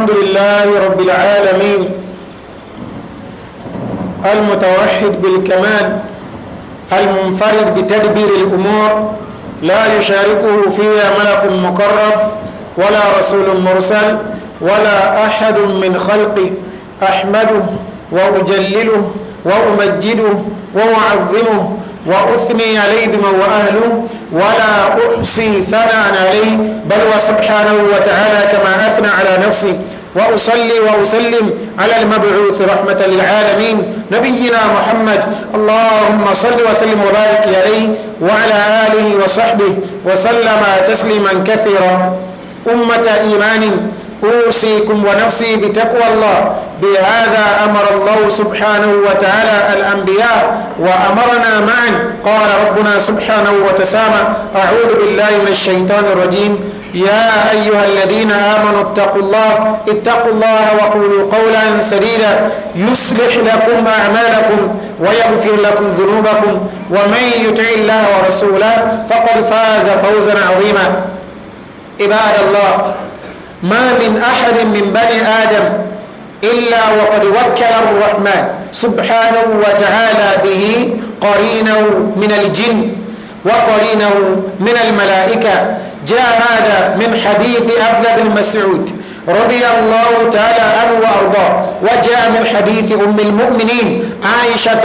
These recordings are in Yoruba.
الحمد لله رب العالمين المتوحد بالكمال المنفرد بتدبير الأمور لا يشاركه فيها ملك مقرب ولا رسول مرسل ولا أحد من خلقه أحمده وأجلله وأمجده وأعظمه وأثني عليه بما هو أهله ولا أحصي ثناء علي بل وسبحانه وتعالى كما أثنى على نفسي وأصلي وأسلم على المبعوث رحمة للعالمين نبينا محمد اللهم صل وسلم وبارك عليه وعلى آله وصحبه وسلم تسليما كثيرا أمة إيمان أوصيكم ونفسي بتقوى الله بهذا أمر الله سبحانه وتعالى الأنبياء وأمرنا معا قال ربنا سبحانه وتسامى أعوذ بالله من الشيطان الرجيم يا أيها الذين آمنوا اتقوا الله اتقوا الله وقولوا قولا سديدا يصلح لكم أعمالكم ويغفر لكم ذنوبكم ومن يطع الله ورسوله فقد فاز فوزا عظيما عباد الله ما من أحد من بني آدم إلا وقد وكل الرحمن سبحانه وتعالى به قرينا من الجن وقرينه من الملائكة جاء هذا من حديث أبلة بن مسعود رضي الله تعالى عنه وارضاه وجاء من حديث أم المؤمنين عائشة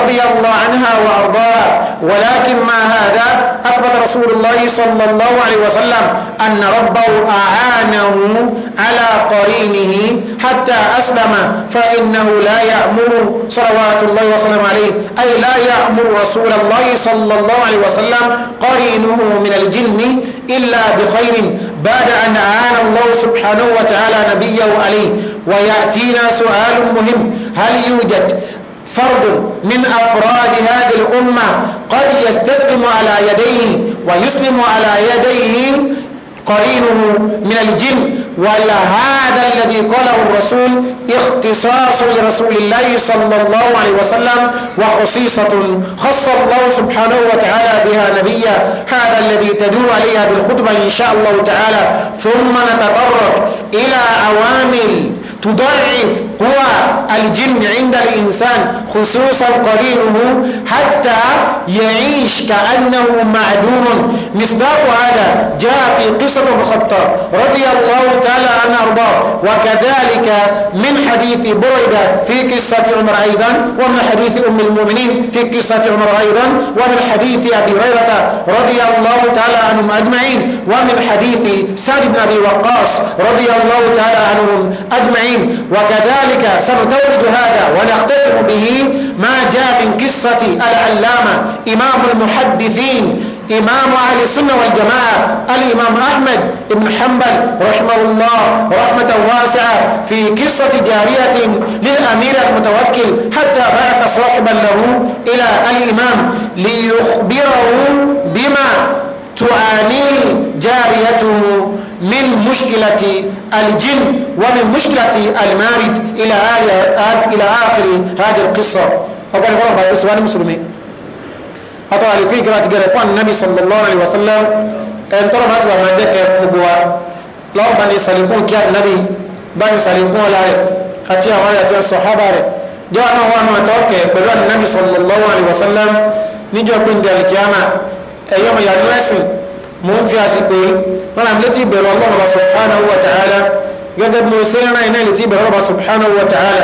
رضي الله عنها وارضاها ولكن ما هذا أثبت رسول الله صلى الله عليه وسلم أن ربه اعانه على قرينه حتى أسلم فإنه لا يأمر صلوات الله وسلامه عليه أي لا يأمر رسول الله صلى الله عليه وسلم قرينه من الجن إلا بخير بعد أن أعان الله سبحانه وتعالى نبيه عليه ويأتينا سؤال مهم هل يوجد فرد من أفراد هذه الأمة قد يستسلم على يديه ويسلم على يديه قرينه من الجن ولا هذا الذي قاله الرسول اختصاص لرسول الله صلى الله عليه وسلم وخصيصة خص الله سبحانه وتعالى بها نبيا هذا الذي تدور عليها بالخطبة إن شاء الله تعالى ثم نتطرق إلى أوامر تضعف هو الجن عند الإنسان خصوصا قرينه حتى يعيش كأنه معدوم مصداق هذا جاء في قصة الخطاب رضي الله تعالى عنه أرضاه وكذلك من حديث بريدة في قصة عمر أيضا ومن حديث أم المؤمنين في قصة عمر أيضا ومن حديث أبي هريرة رضي الله تعالى عنهم أجمعين ومن حديث سعد بن أبي وقاص رضي الله تعالى عنهم أجمعين وكذلك ذلك سنستورد هذا ونختتم به ما جاء من قصة العلامة إمام المحدثين إمام أهل السنة والجماعة الإمام أحمد بن حنبل رحمه الله رحمة واسعة في قصة جارية للأمير المتوكل حتى بعث صاحبا له إلى الإمام ليخبره بما تعانيه جاريته من مشكلة الجن ومن مشكلة المارد إلى إلى آخر هذه القصة أقول لكم بعد إسبان المسلمين أطلع لكي قرأت قرأت النبي صلى الله عليه وسلم أن ترى ما تبع ما جاك يفوقوا لو بني سليكون كان النبي بني سليكون لا أتيا ولا أتيا الصحابة جاء نوع ما توقع بلو النبي صلى الله عليه وسلم نجوا بين القيامة أيام يا ناسي mo ń fi àsìkò yìí wọn làm létí ìbẹ̀rù ọlọ́run ọba subhanahu wa ta'ala gẹ́gẹ́ bí mo ṣe ń rán iná létí ìbẹ̀rù ọba subhanahu wa ta'ala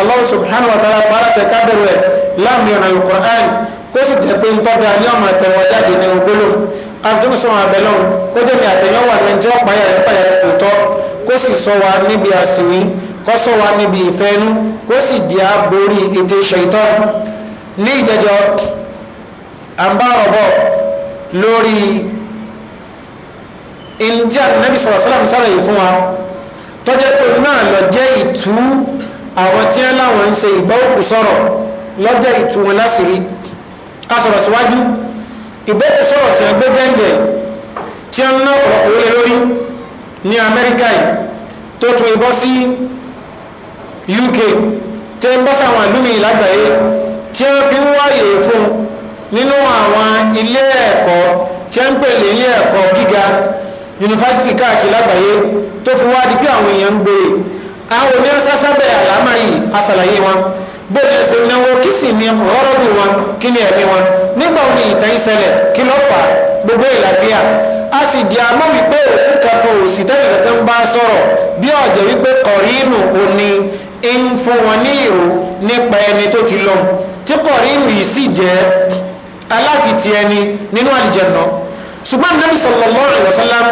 ọlọ́run subhanahu wa ta'ala bá láti ẹ̀ka bẹ̀rù ẹ̀ láàmì alukur'an kó sì jẹ́ pé ntọ́ da ní ọmọ àtẹ̀wọ̀ jáde nínú gbólóhùn abdul sọ̀rọ̀ abẹ́lọ́run kó jẹ́ mi àtẹ̀yàn wà lẹ́njẹ́ ọ̀páyà rẹ̀ pàyà rẹ̀ tòótọ́ kó sì sọ wa níbi àsìwí kó sọ wa níbi ìfẹ́nu kó sì di aborí ètè ṣèitọ́ ní ìjẹjọ àǹbá lórí ìjẹ́ ànábì sọ̀rọ̀ sálàmù sálàyé fún wa tọ́jọ́ pé náà lọ jẹ́ ìtú àwọn tí wọ́n láwọn ń ṣe ìgbọ́wòkú sọ̀rọ̀ lọ́jọ́ ìtú wọn láṣìírí a sọ̀rọ̀ síwájú ìgbọ́wòkú sọ̀rọ̀ tí wọ́n gbé gẹ́ǹgẹ̀ tí wọ́n ná ọ̀pọ̀ owó lórí ní Amẹ́ríkà yìí tó tún ibọ́ sí UK tí ń bọ́ sáwọn ìlú mi lágbàáyé tí wọ́n fi ń wáyè fún nínú àwọn ilé ẹ̀kọ́ tí wọ́n ń pè ní ilé ẹ̀kọ́ gíga yunifásitì káàkiri lágbàáyé tó fi wáá di pé àwọn èèyàn ń gbèrè àwọn oní ọsásá bẹ̀rẹ̀ àlámà yìí asàlàyé wọn bóyá ṣe náwó kí sì ni rọ́rọ́dù wọn kí ni ẹ̀mí wọn nígbà wọn ni ìtàn ìṣẹ̀lẹ̀ kí ló fà á gbogbo ìlàkíyà a sì di àmọ́ wípé òkú kankan ò sì tẹ́lẹ̀ kankan bá sọ̀rọ̀ bí ọ̀jẹ̀ wípé kọ̀rínù òní ń fún wọn ní ìrò nípa ẹni tó ti lọ tí kọ̀rínù yìí sì jẹ́ aláfitì ẹni nínú àlìjẹ̀nà ṣùgbọ́n nabi sallallahu alayhi wa sallam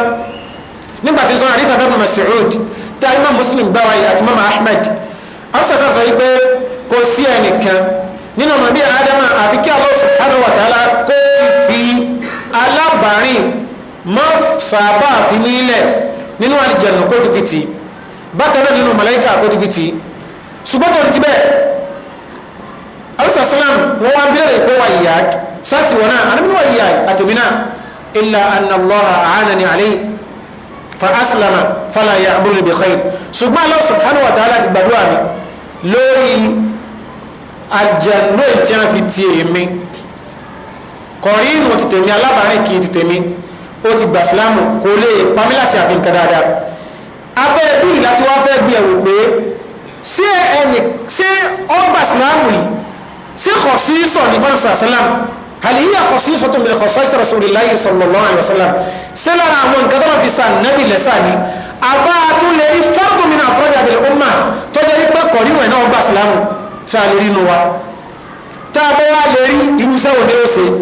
nígbà tí sọ́nà àríkà bẹ́ẹ̀ Mas'ud tá a imam muslim bá wáyé àti mama ahmed afisasa sọ yìí pé kò sí ẹnìkan nínú ọmọ bíi adama àti kí Allah subhanahu wa ta'ala kó fi alábàárìn má sábà fi nílẹ̀ nínú àlìjẹ̀nù kó ti fi tì bákan náà nínú màláíkà kó ti fi tì ṣùgbọ́n tó ti bẹ́ẹ̀ afisasa náà wọ́n wá béèrè pé wà yíyá sátìwọ̀n náà àdébínú wà yíyá àtòmí إلا أن الله أعانني عليه فأسلم فلا يأمر بخير ṣùgbọ́n Allah subhanahu wa ta'ala ti gbàdúrà mi lórí àjànú tí a fi ti èmi kọ̀rí ìmọ̀ ti tèmi alábàárìn kì í ti tèmi ó ti gbà sílámù kò lè pamílàsì àfihàn dáadáa abẹ́ bí ìlà tí wọ́n fẹ́ gbé ẹ̀wò pé ṣé ẹnì ṣé ọgbà sílámù yìí ṣé kò sí sọ̀ ní fọ́nùsà sílámù هل هي خصيصة من خصائص رسول الله صلى الله عليه وسلم سلا رامون كدر في سان نبي لساني أبا تولي فرد من أفراد هذه الأمة تجري بقري وين أو بسلام سالري نوا تابوا لري يوسف ونيوسي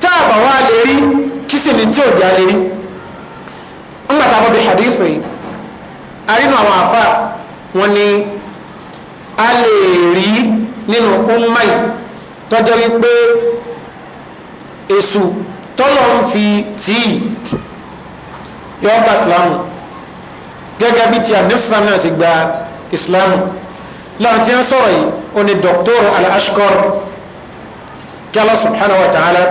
تابوا لري كيسي نتيو جالري أما تابوا بحديثي أرينا وعفا وني ألي ري نينو أمي تجري بقري èṣù tọ́lọ̀ ń fi tíì yọ gba ìsìlámù gẹ́gẹ́ bí ti àdínsìlámù náà sì gba ìsìlámù láwọn tí wọ́n sọ̀rọ̀ yìí ó ní Dr. Al-Ashqar kí Allah subhanahu wa ta'ala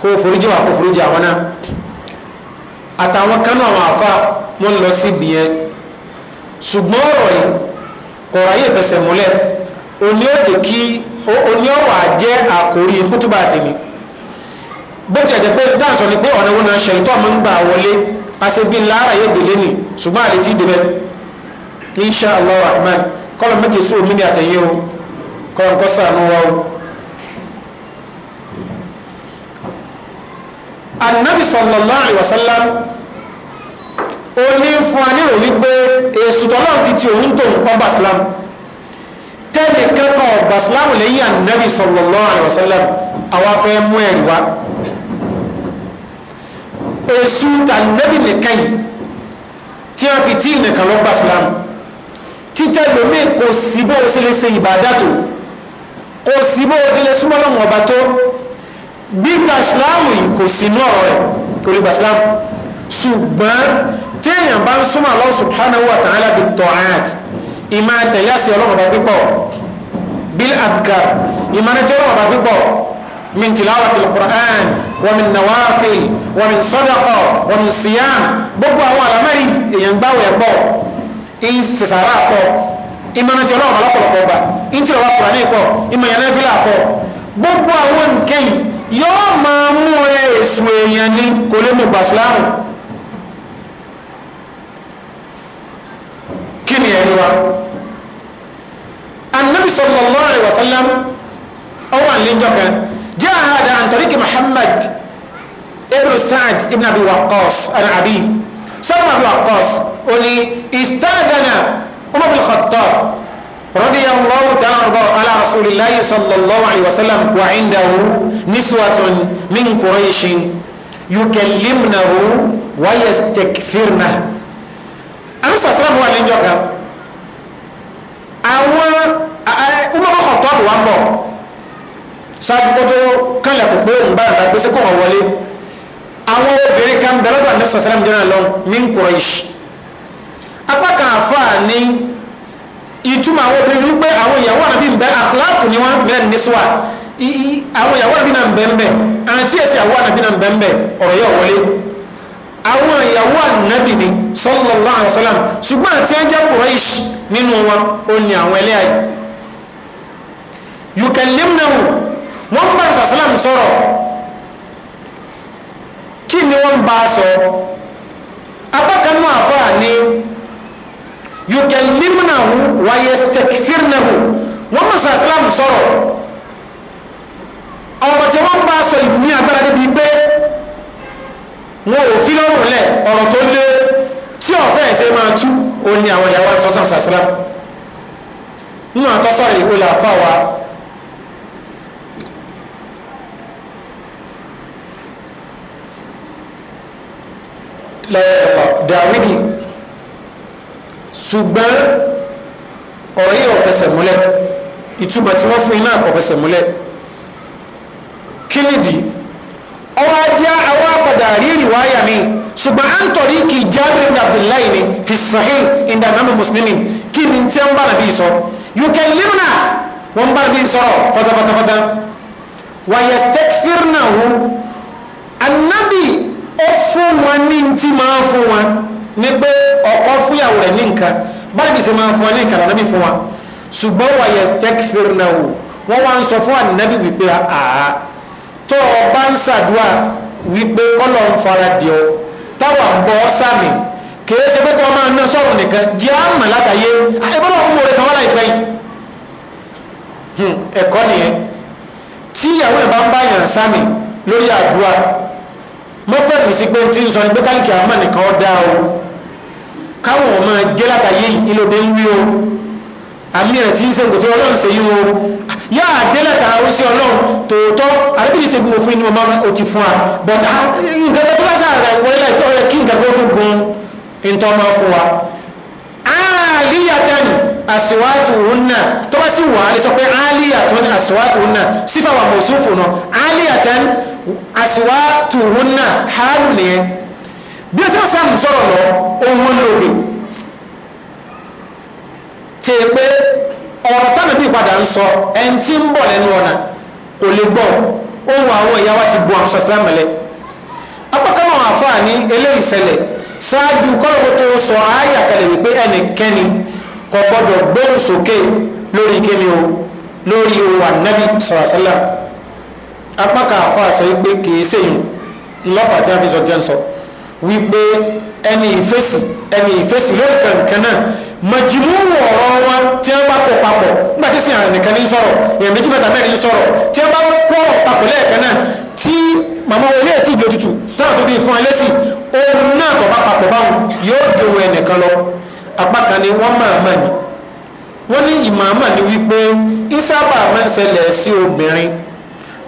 kó foríjì wà kó foríjì àwọn náà àtàwọn kanú àwọn àfa wọn lọ sí bìyẹn ṣùgbọ́n ọ̀rọ̀ yìí kọ̀ọ̀rọ̀ ayé ìfẹsẹ̀ múlẹ̀ òní jẹ́ àkórí fútúbà tèmi bó ti ẹ̀jẹ̀ pé dáǹsọ̀ ni pé ọ̀nà wọn náà ṣe ìtọ́ máa ń gbà wọlé àṣebí lára yẹ gbèlé nì ṣùgbọ́n àlè tí ì débẹ̀ insha allah rahman kọ́lọ̀ méje sí omi ní àtẹ̀yẹ o kọ́lọ̀ nǹkan sànú wa o. anabi sallallahu alayhi wa sallam ó ní fún anírò wípé èsù tọ́lọ́ fi ti òun tó nǹkan bá islam tẹ́lẹ̀ kẹ́kọ̀ọ́ bá lẹ́yìn anabi sallallahu alayhi àwa fẹ́ mú ẹ̀rí wa èsù tànẹ́bì nìkan yìí tí wọ́n fi tí ìnìkan lọ gbà sílámù títẹ́ lómi kò sí bó o ṣe lè ṣe ìbàdàtò kò sí bó o ṣe lè súnmọ́ lọ́wọ́ ọba tó gbígbà sílámù yìí kò sí inú ọ̀rọ̀ rẹ̀ kò lè gbà sílámù ṣùgbọ́n téèyàn bá ń súnmọ́ Allah subhanahu wa ta'ala bi ta'at ìmọ̀ àtẹ̀yàsí ọlọ́wọ́ ọba pípọ̀ bil adkar ìmọ̀ àtẹ̀yàsí ọlọ́wọ́ ọba pípọ̀ من تلاوة القرآن ومن نوافل ومن صدقة ومن صيام gbogbo àwọn àlámẹ́rin èèyàn gbáwò ẹ̀pọ̀ ìsẹ̀sàrà àpọ̀ ìmọ̀nà tí ọlọ́run ọlọ́pọ̀lọpọ̀ gbà ìtì ọwọ́ kùránì pọ̀ ìmọ̀yàn náà fílà pọ̀ gbogbo àwọn nǹkan yóò máa mú èsù èèyàn ní kò lè mú gbàsílámù kí ni ẹ̀rí wa annabi sallallahu alaihi wasallam ọwọ́ àlejò kan جاء هذا عن طريق محمد ابن سعد ابن أبي وقاص العبي سمى أبي وقاص ولي استأذن عمر بن الخطاب رضي الله تعالى على رسول الله صلى الله عليه وسلم وعنده نسوة من قريش يكلمنه ويستكثرنه أنا سأسلم هو الإنجاب أو أمم الخطاب وأنبو ṣáájú kótó kálẹ̀ kó wọn wọlé àwọn obìnrin kan bẹ̀rẹ̀ lọ́dọ̀ àdébísọ̀ sẹ́lẹ̀m jẹ́rán lọ ní Quraish apá kan àfáà ní ìtumọ̀ àwọn obìnrin wípé àwọn ìyàwó àbí ń bẹ ni wọ́n bẹ̀rẹ̀ nísùwà àwọn ìyàwó àbí náà ń bẹ ń àti ẹ̀sìn àwọn àbí náà ń bẹ ń ọ̀rọ̀ yóò wọlé àwọn ìyàwó ànábì ni ṣùgbọ́n wọ́n bá sàṣálàm sọ̀rọ̀ kí ni wọ́n bá sọ apákanú àfáà ni yukallimunahu wa yastakfirnahu wọ́n bá sàṣálàm sọ̀rọ̀ ọ̀rọ̀ tí wọ́n bá sọ ìbùnú agbára débi pé wọn ò fi lọ́rùn lẹ̀ ọ̀rọ̀ tó lé tí ọ̀fẹ́ ẹ̀sẹ̀ máa tú ó ní àwọn ìyàwó àti sọ́sàn sàṣálàm nínú àtọ́sọ̀rọ̀ ìwé làfáà wa lẹ́ẹ̀kọ́ dàwídì ṣùgbọ́n ọ̀rọ̀ yìí ọ̀fẹsẹ̀ múlẹ̀ ìtumọ̀ tí wọ́n fún iná ọ̀fẹsẹ̀ múlẹ̀ kí nìdí ọwọ́ ajá àwọn àpàdà rírì wáyà mi ṣùgbọ́n à ń tọ̀rí kì í jáde ní abdullahi ni fi sahih inda mẹ́mọ́ muslimin kí ni tí ń bá nàbí sọ yókè limna wọn bá nàbí sọ̀rọ̀ fọtafọtafọta wàyẹ stekfirnahu anabi ó fún wọn ní tí máa fún wọn ọkọ fúnyàwó rẹ̀ ní nǹkan báyìí sì máa fún wọn ní nǹkan ànábì fún wọn ṣùgbọ́n wàyẹ̀ tẹ́kìfẹ́rẹ́ náà wò wọ́n wá ń sọ fún ànábì wípé àá tó o bá ń ṣàdúrà wípé kọ́lọ̀ ń fara dì ọ́ táwa ń bọ́ sàmì kìí ṣe pé kí wọ́n máa ná sọ̀rọ̀ nìkan jẹ́ àmà látàyé ìbọn òun láìpẹ́ yìí hmm, ẹ̀kọ́ nìyẹn ń bá yàn sàmì mọ́fẹ́mì sí pé tí ń sọ ní pé kálíkì àmà nìkan dá o káwọn ọmọ jẹ́ látàyé ìlòdè ń wí o àmì rẹ̀ tí ń ṣe gbòtò ọlọ́run ṣe yín o yá àdé lẹ́ta ó sí ọlọ́run tòótọ́ àrẹ́bìnrin ṣe gun òfin ni mo máa ó ti fún wa but ah, nǹkan tó bá sáà rẹ̀ wọlé ọ̀rẹ́ kí nǹkan tó kún gun ntọ́ máa fún wa. aliyatan asiwatu hunna tó bá sì wà á lè sọ pé aliyatan asiwatu hunna sífà wà mọ̀ sófò náà aliyatan. àṣìwá na hálù nìyẹn bí ó sì sọrọ lọ ohun lòdì tí è tánà bí ìpadà ń sọ ẹni tí ń ọ̀nà kò lè ohun àwọn ìyá wa ti bu àwọn sàṣẹ́ mẹ́lẹ́ apákanáà àfáà eléyìí ṣẹlẹ̀ ṣáájú kọ́lọ́wọ́ tó sọ ààyè àkàlẹ̀ wípé ẹnikẹ́ni kò lori gbóhùn sókè lórí kíni o lórí apá kan àfa sọ wípé kìí sèyún lọ́fà tí a fi sọ jẹ́ ń sọ wípé ẹni ìfèsì ẹni ìfèsì lórí kankan náà màjìmú ọ̀rọ̀ wọn tí wọ́n bá kó papọ̀ nígbà tí sìn àrẹ̀nìkan ní sọ̀rọ̀ èèyàn méjì mẹ́ta mẹ́rin sọ̀rọ̀ tí wọ́n bá kó papọ̀ lẹ́ẹ̀kan náà tí màmá wọlé ẹ̀ tí ìbí òtútù táwọn tó bí fún ẹlẹ́sìn ohun náà tó bá papọ̀ báwọn yóò dòwò ẹnìkan lọ apá ni wọ́n máa mà ní wọ́n ní ìmàmà ni wípé ìsábà máa ń ṣẹlẹ̀ sí obìnrin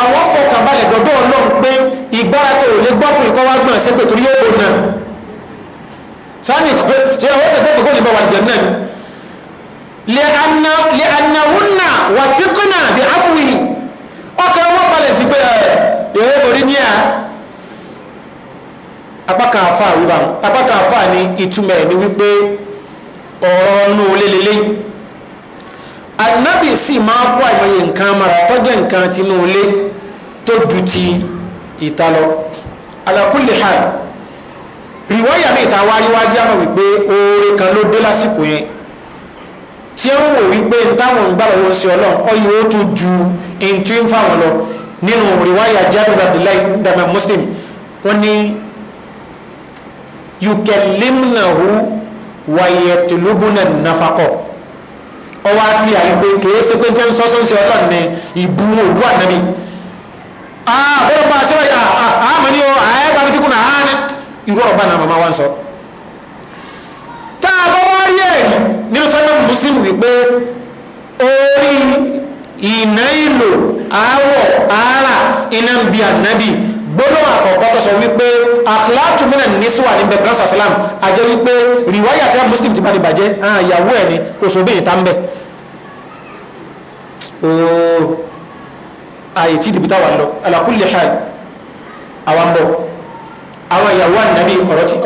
àwọn fọkànbalẹ̀ dọ̀dọ̀ ọlọ́run pé ìgbára tó lè gbọ́kùn ìkọ́ wá gbọ́n sẹ́pẹ̀ torí ó nà sáni ìkọ́ tí ó sì gbọ́kùn kó lè bá wà jẹ̀ náà lè ànàwúnà wà síkúnà bí áfúwì ọkọ̀ wọ́n balẹ̀ sí pé ẹ̀rẹ́ orí ní à apáka àfà ni ìtumẹ̀ ni wípé ọ̀rọ̀ ọ̀nù lélẹ́lẹ́yìn anabi sì máa kó àìmọye nǹkan mara tọ́jẹ́ nǹkan tinú ilé tó ju ti ìta lọ ala kulli hal rìwáyà ní ìta wáyé wájú àmọ́ wípé oore kan ló dé lásìkò yẹn tí ó ń wò wípé táwọn ń gbàlọ́wọ́ sí ọlọ́run ọyẹ ó tún ju ntí ń fáwọn lọ nínú rìwáyà jáde abdullahi dàmẹ muslim wọn ni yukelimnahu wayetulubuna nafakọ ọwọ́ àti àyípe kìí ṣe pé tó ń sọ́sọ́ ń ṣe ọlọ́run ní ìbú òbú ànábì. Ah, ọ̀rọ̀ bá a ṣe a àmọ́ ní o àyẹ́ ah, bá mi fi kún náà ah, ní irú ọ̀rọ̀ bá náà wa ń sọ. tá a bá wá rí ẹ̀rí nínú sọ́nà mùsùlùmí wípé orí ìná ìlò àwọ̀ ara iná ń bi ànábì gbólóhùn àkọ́kọ́ tó sọ wípé àkìláàtù mìíràn ní síwà ní bẹ̀rẹ̀ sọ sílámù àjẹ́ wípé rìwáyà tí a muslim ti bá ní bàjẹ́ àwọn ìyàwó ẹ̀ ni òṣòbí ìta ń bẹ̀. ooo ààyè tí dìbìtà wà lọ alákùlẹ̀ hàn àwọn bọ̀ àwọn ìyàwó ànàbí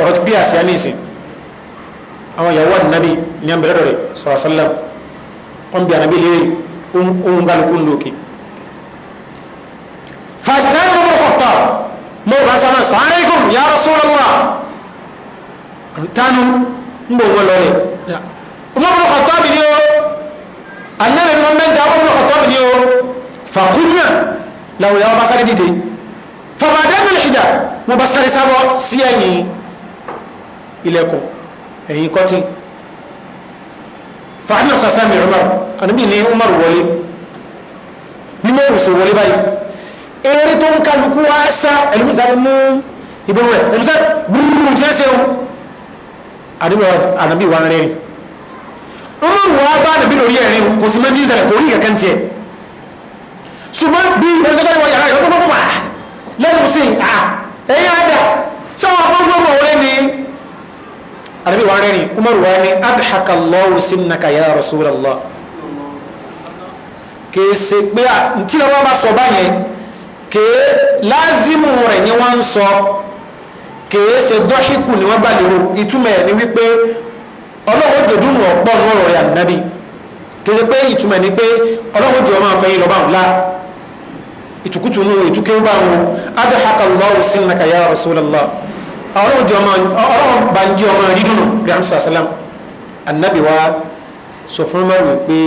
ọ̀rọ̀ ti bí àṣà ní ìsìn àwọn ìyàwó ànàbí ní àbẹ̀rẹ̀ rẹ̀ sọ̀rọ̀ sílámù wọn bí ànàbí lè ohun kálukú ń lòkè. fásitán ọ̀tọ̀ mo bá sọ náà sàárẹ́kùn ya Rasulullah tánu ń bò wọ́n lọ́rẹ̀ ọmọ bọ̀ ọ̀tọ̀ mi ni ó anẹ́rẹ̀ ni wọ́n mẹ́ta ọmọ bọ̀ ọ̀tọ̀ mi ni ó fàkúnyà làwọn ìyàwó bá sáré dìde fàbàdẹ́nu ìjà mo bá sáré sábọ́ sí ẹ̀yìn ilẹ̀kùn ẹ̀yìn kọ́tì fàánà Umar àníbì ní Umar wọlé ní mọ́rùsẹ̀ wọlé báyìí eré tó ń kálukú wá sá ẹ̀lùmí sáré mú ìbẹ̀rù rẹ̀ ẹ̀lùmí sáré gbúrú tí ó ṣe o àdúgbò ànábì wa rẹ̀ rí ọmọ ìwà bá ànábì lórí ẹ̀rín kò sí méjì ìṣẹ̀lẹ̀ kò rí ìkẹ́kẹ́ tiẹ̀ ṣùgbọ́n bí ẹ̀lùmí wọ yàrá ìrọ́pọ̀ pọ̀ lẹ́nu sí à ẹ̀yìn àdà sọ́wọ́ ọgbọ́gbọ́ kèé lázimu rẹ̀ ni wọ́n ń sọ kèé ṣe dọ́ṣíkù ni wọ́n bá lérò ìtumọ̀ ẹ̀ ni wípé ọlọ́wọ́ jòdùnú ọ̀pọ̀ ní ọ̀rọ̀ rẹ̀ ànábì kèé pé ìtumọ̀ ni pé máa lọ́ba ńlá ìtukùtù ìtukẹ́ bá ya rasulallah ọlọ́wọ́ bá ń jẹ́ ọmọ ànábì wa sọ fún mẹ́rin pé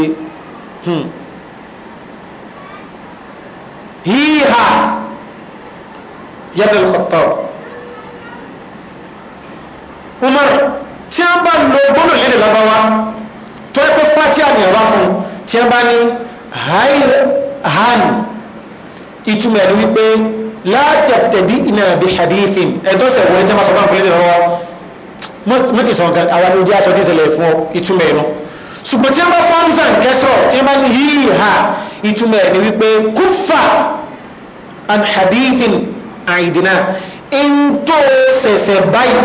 híhà yabal Khattab Umar tí a bá lo gbọ́dọ̀ lédè lábáwá tó ẹ pé fatia ni ọba fún tí a bá ní hàn ìtumọ̀ ẹni wípé látẹ̀tẹ̀dí iná bí hadithin ẹ̀dọ́sẹ̀ wọlé tí a máa sọ bá ń fún lédè lọ́wọ́ mọ́tì sọ̀kan àwọn ojú aṣọ tí ìṣẹ̀lẹ̀ fún ìtumọ̀ ẹ̀nu ṣùgbọ́n tí wọ́n bá fọ́nṣà kẹsọ̀ tí wọ́n bá ní híì ha ìtumọ̀ ẹ̀ ni wípé kúfà an hadithin àìdínà ń tó ṣẹ̀ṣẹ̀ báyìí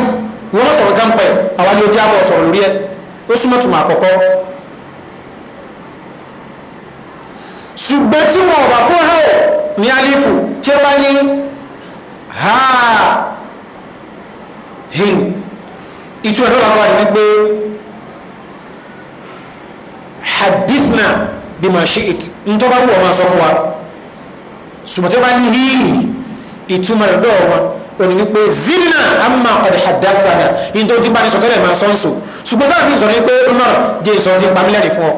wọ́n sọ̀rọ̀ gánpẹ̀ àwọn ilé ojú àbọ̀ sọ̀rọ̀ lórí ẹ̀ ó súnmọ́ tùmọ̀ àkọ́kọ́ ṣùgbọ́n tí wọ́n bá fún hẹ́ ní alifu tí wọ́n bá ní ha hin ìtumọ̀ ìdọ́lọ́wọ́ ni wípé hadithna bí ma ṣe it ń tó bá wù ọ máa sọ fún wa ṣùgbọ́n tí ó bá ní híhì ìtumọ̀ rẹ̀ dọ̀ọ̀ wọn òní wípé zina amma qad haddathana yìí tó ti bá ní sọ tẹ́lẹ̀ máa sọ́nso ṣùgbọ́n táwọn fi sọ ní pé umar jẹ́ ìsọ ti pamílẹ̀ ní fún ọ.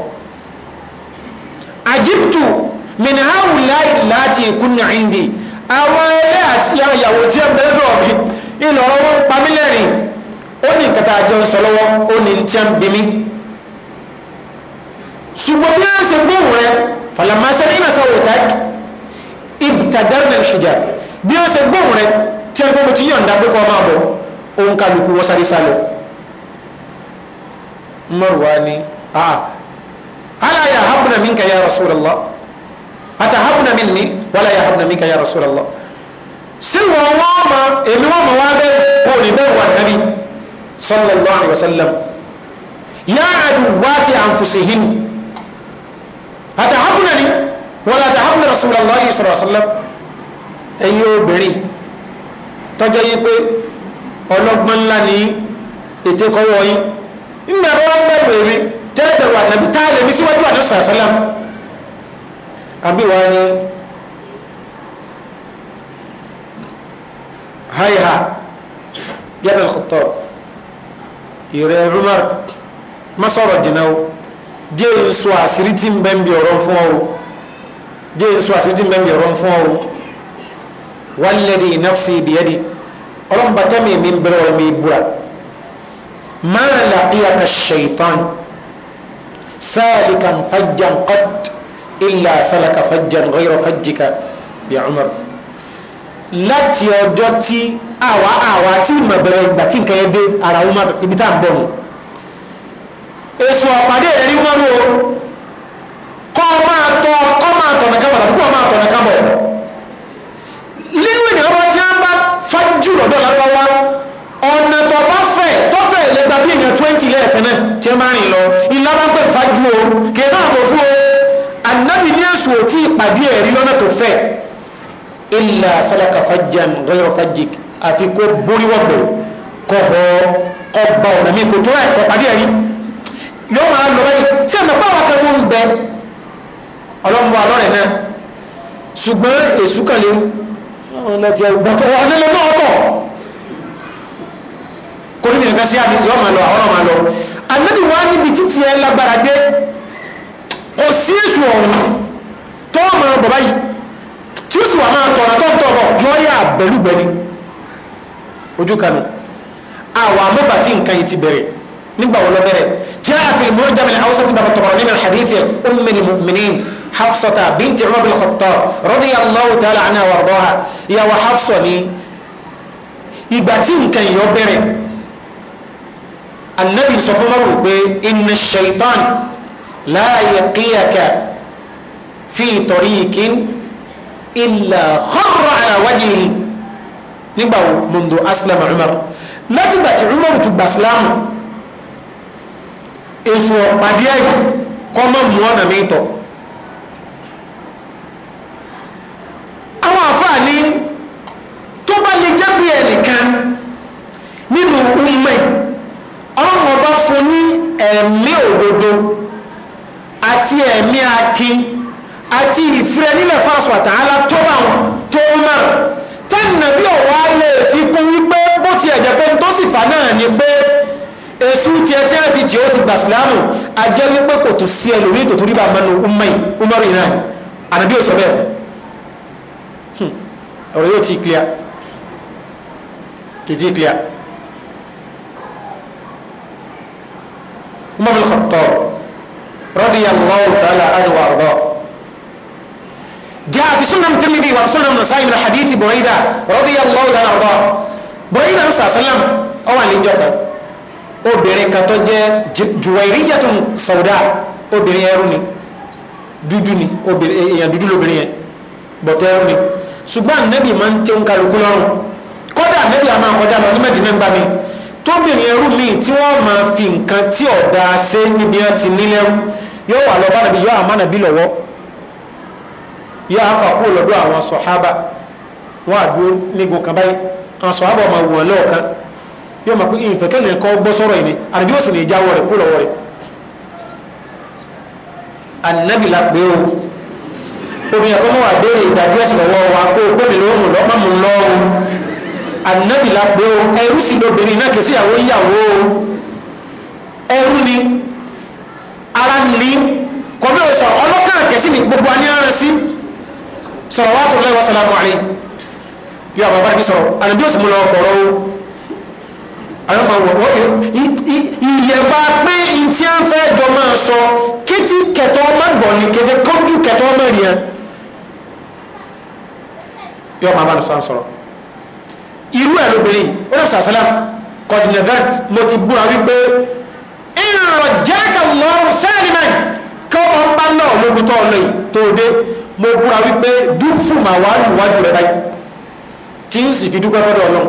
ajibtu min haulai lati kunna indi àwọn ẹlẹ́ àti ìyàwó tí ẹ bẹ̀rẹ̀ dọ̀ mi ìlọ̀rọ̀ pamílẹ̀ rìn ó ní kàtà àjọ ìsọlọ́wọ́ ó ní tí a mi ṣùgbọ́n bí wọ́n ṣe gbóhùn rẹ falamasa ní ìmọ̀sá wò tá ibtadarna hijab bí wọ́n ṣe gbóhùn rẹ tí wọ́n gbóhùn ti yọ̀ǹda pé kọ́ máa bọ̀ òun kálukú wọ́n sáré sálọ. mọ̀rùwá ni ala ya habna minka ya rasulallah atahabna minni wala ya habna minka ya rasulallah sí wọn wọ́n ma èmi wọ́n ma wá bẹ́ẹ̀ wọ́n ní bẹ́ẹ̀ wà nábì sallallahu alayhi wa sallam yáa àdùn anfusihin àtàhàbùnà ni wọn àtàhàbùnà Rasulullah sallallahu alaihi wasallam ẹ̀yin obìnrin tọ́jọ́ yìí pé ọlọ́gbọ́n ńlá ni ètè kọ́wọ́ yín nígbà tó wọ́n bẹ̀rù èmi tẹ́lẹ̀ wà nàbí tá a lè mi síwájú àná sàṣálàm àbí wàá ní haiha yabal ìrẹ̀ Umar má sọ̀rọ̀ jẹ́ nsọ àṣírí tí ń bẹ ń bí ọ̀rọ̀ fún ọ jẹ́ nsọ àṣírí tí ń bẹ ń bí ọ̀rọ̀ fún ọ walladhi nafsi biyadi ọlọ́run bàtà mi mi ń bẹ̀rẹ̀ ọ̀rọ̀ mi búra ma laqiyaka ash-shaytan salikan fajjan qat illa salaka fajjan ghayra fajjika ya Umar láti ọjọ́ tí àwa àwa tí ìmọ̀ bẹ̀rẹ̀ ìgbà ara Umar ibi tá à ń bọ̀ nù èso ọ̀pàdé ẹ̀rí wọn o kọ́ máa tọ́ kọ́ máa tọ̀nà kábọ̀ tàbí kọ́ máa tọ̀nà kábọ̀ nínú ènìyàn bá ti ń bá fájú lọ́dọ̀ lọ́wọ́ ọ̀nà tó bá fẹ̀ tó fẹ̀ lè gba bí èèyàn twenty lẹ́ẹ̀kan náà tí ẹ máa rìn lọ ìlà bá pè fájú o kì í sáà tó fún o ànábì ní èso ò tí ì pàdé ẹ̀rí lọ́nà tó fẹ̀ ilà sálàkà fàjàn gẹ́rọ fàjìk àfi kó borí wọ́pọ̀ kọ̀ bọ̀ kọ̀ ọ̀nà mi kò tó ẹ̀ kọ̀ pàdé ẹ̀rí yóò máa lọ báyìí sí àmì pàwọn akẹ́kọ̀ọ́ ń bẹ ọlọ́mọ alọ́rẹ̀ náà ṣùgbọ́n èṣù kan lè ọ̀nà tí ọgbọ́n tó wà nílé náà bọ̀ kò ní nìkan sí àmì yóò máa lọ àwọn máa lọ ànábì wá níbi títí ẹ lágbára dé kò sí èṣù ọ̀hún tó máa bọ̀ báyìí tí ó sì wà máa tọ̀nà tó ń tọ̀ bọ̀ yà bẹ̀lúgbẹ̀ni ojú kan mi àwọn àmọ́bàtí nǹkan yìí ti bẹ̀rẹ̀ nígbà wo ló bẹ̀rẹ̀ jaa fi al-mu'jam al-awsat bàbá Tabarani min hadith umm al-mu'minin hafsata binti umar bin khattab radiyallahu ta'ala anha wa ardaha ìyàwó hafsa ni ìgbà tí nǹkan yìí ó bẹ̀rẹ̀ anabi sọ fún mọ́rù pé inna ash-shaytan la yaqiyaka fi tariqin illa kharra ala wajhihi nígbà wo mundu aslama umar láti gbàtí umar tún gbà sílámù èsì ọ̀pàdé ẹ̀yìn kọ́ mọ́ mú ọ̀nà mi tọ̀ àwọn àfáà ní tó bá lè jẹ́ bí ẹnìkan nínú umẹ́ ọlọ́run ọba fún ní ẹ̀mí òdodo àti ẹ̀mí akin àti ìfúrẹ́ nílẹ̀ fásitì àtàlá tó bá wọn tó náà tẹ́nìyàn bí ọ̀wá lè fi kún wípé bó ti ẹ̀jẹ̀ pé tó sì fà náà ni pé èsù tí ẹ tí a fi jẹ́ ó ti gbà sílámù ajẹ́ wípé kò tó sí ẹ lórí tòtúrí bá mẹ́nu umar umar yìí náà ànàbí ò sọ bẹ́ẹ̀ hmm. ọ̀rọ̀ yóò ti clear kì í ti clear umar al-khattab radiyallahu ta'ala anhu wa arda جاء في سنن الترمذي وفي سنن النسائي من حديث بريده رضي الله عنه وارضاه بريده صلى الله عليه وسلم او عن الجوكر obìnrin kan tó jẹ́ juwairiyatun sauda obìnrin ẹrú ni dúdú ni èèyàn dúdú lóbìnrin yẹn bọ̀tọ̀ ẹrú ni ṣùgbọ́n nẹ́bì máa ń tẹ́ ń kálukú lọ́rùn kódà nẹ́bì a máa kọjá lọ ní mẹ́dínà ń gbà mí tóbìnrin ẹrú míì tí wọ́n máa fi nǹkan tí ọ̀dà ṣe níbi ẹ̀ ti nílẹ̀rú yóò wà lọ́ba nàbí yóò àmà nàbí lọ́wọ́ yóò àfà kúrò lọ́dọ̀ àwọn sọ̀hábà wọn àdúró nígun kan báyìí àwọn sọ̀hábà ọmọ ìwọ̀n lọ́ọ̀kan yóò máa pé ìfẹ̀kẹ́lẹ̀ kọ́ gbọ́ sọ́rọ̀ yìí ni àdìbí ó sì ní ìjáwọ́ rẹ̀ kú lọ́wọ́ rẹ̀ ànábì la pé o omi ẹ̀kọ́ mọ́ wà béèrè ìdájọ́ ẹ̀sìn lọ́wọ́ wa kó o gbẹ́mi ló mú lọ́mọ́ mú lọ́wọ́ ànábì la pé o ẹrú sì lóbìnrin náà kì í sí ìyàwó ìyàwó ẹrú ni ara ní kọ́mí ò sọ ọlọ́kàn kẹ̀sí ni gbogbo àní ara sí sọ̀rọ̀ wàá tó lọ́wọ́ sọ̀rọ̀ àmọ́ àlẹ́ yóò àbábá ní àwọn máa wọ̀ wọ́n ìyẹ̀bá pé ntí à ń fẹ́ jọ máa sọ kétí kẹtọ́ máa gbọ̀ ní kété kọ́jú kẹtọ́ máa rí yẹn yọ máa bá ní sàn sọ̀rọ̀ irú ẹ̀ lóbìnrin ó lè sàṣẹ́lá kọ̀dínlẹ̀vẹ́t mo ti búra wípé ìrọ̀ jẹ́ kàlọ́rù sẹ́ẹ̀lìmẹ̀ kọ́ ọba náà lógun tó ọlọ́ yìí tó dé mo búra wípé dúfù màwá níwájú rẹ̀ báyìí tí ń sì fi dúpẹ́ fọ́dọ̀ ọlọ́run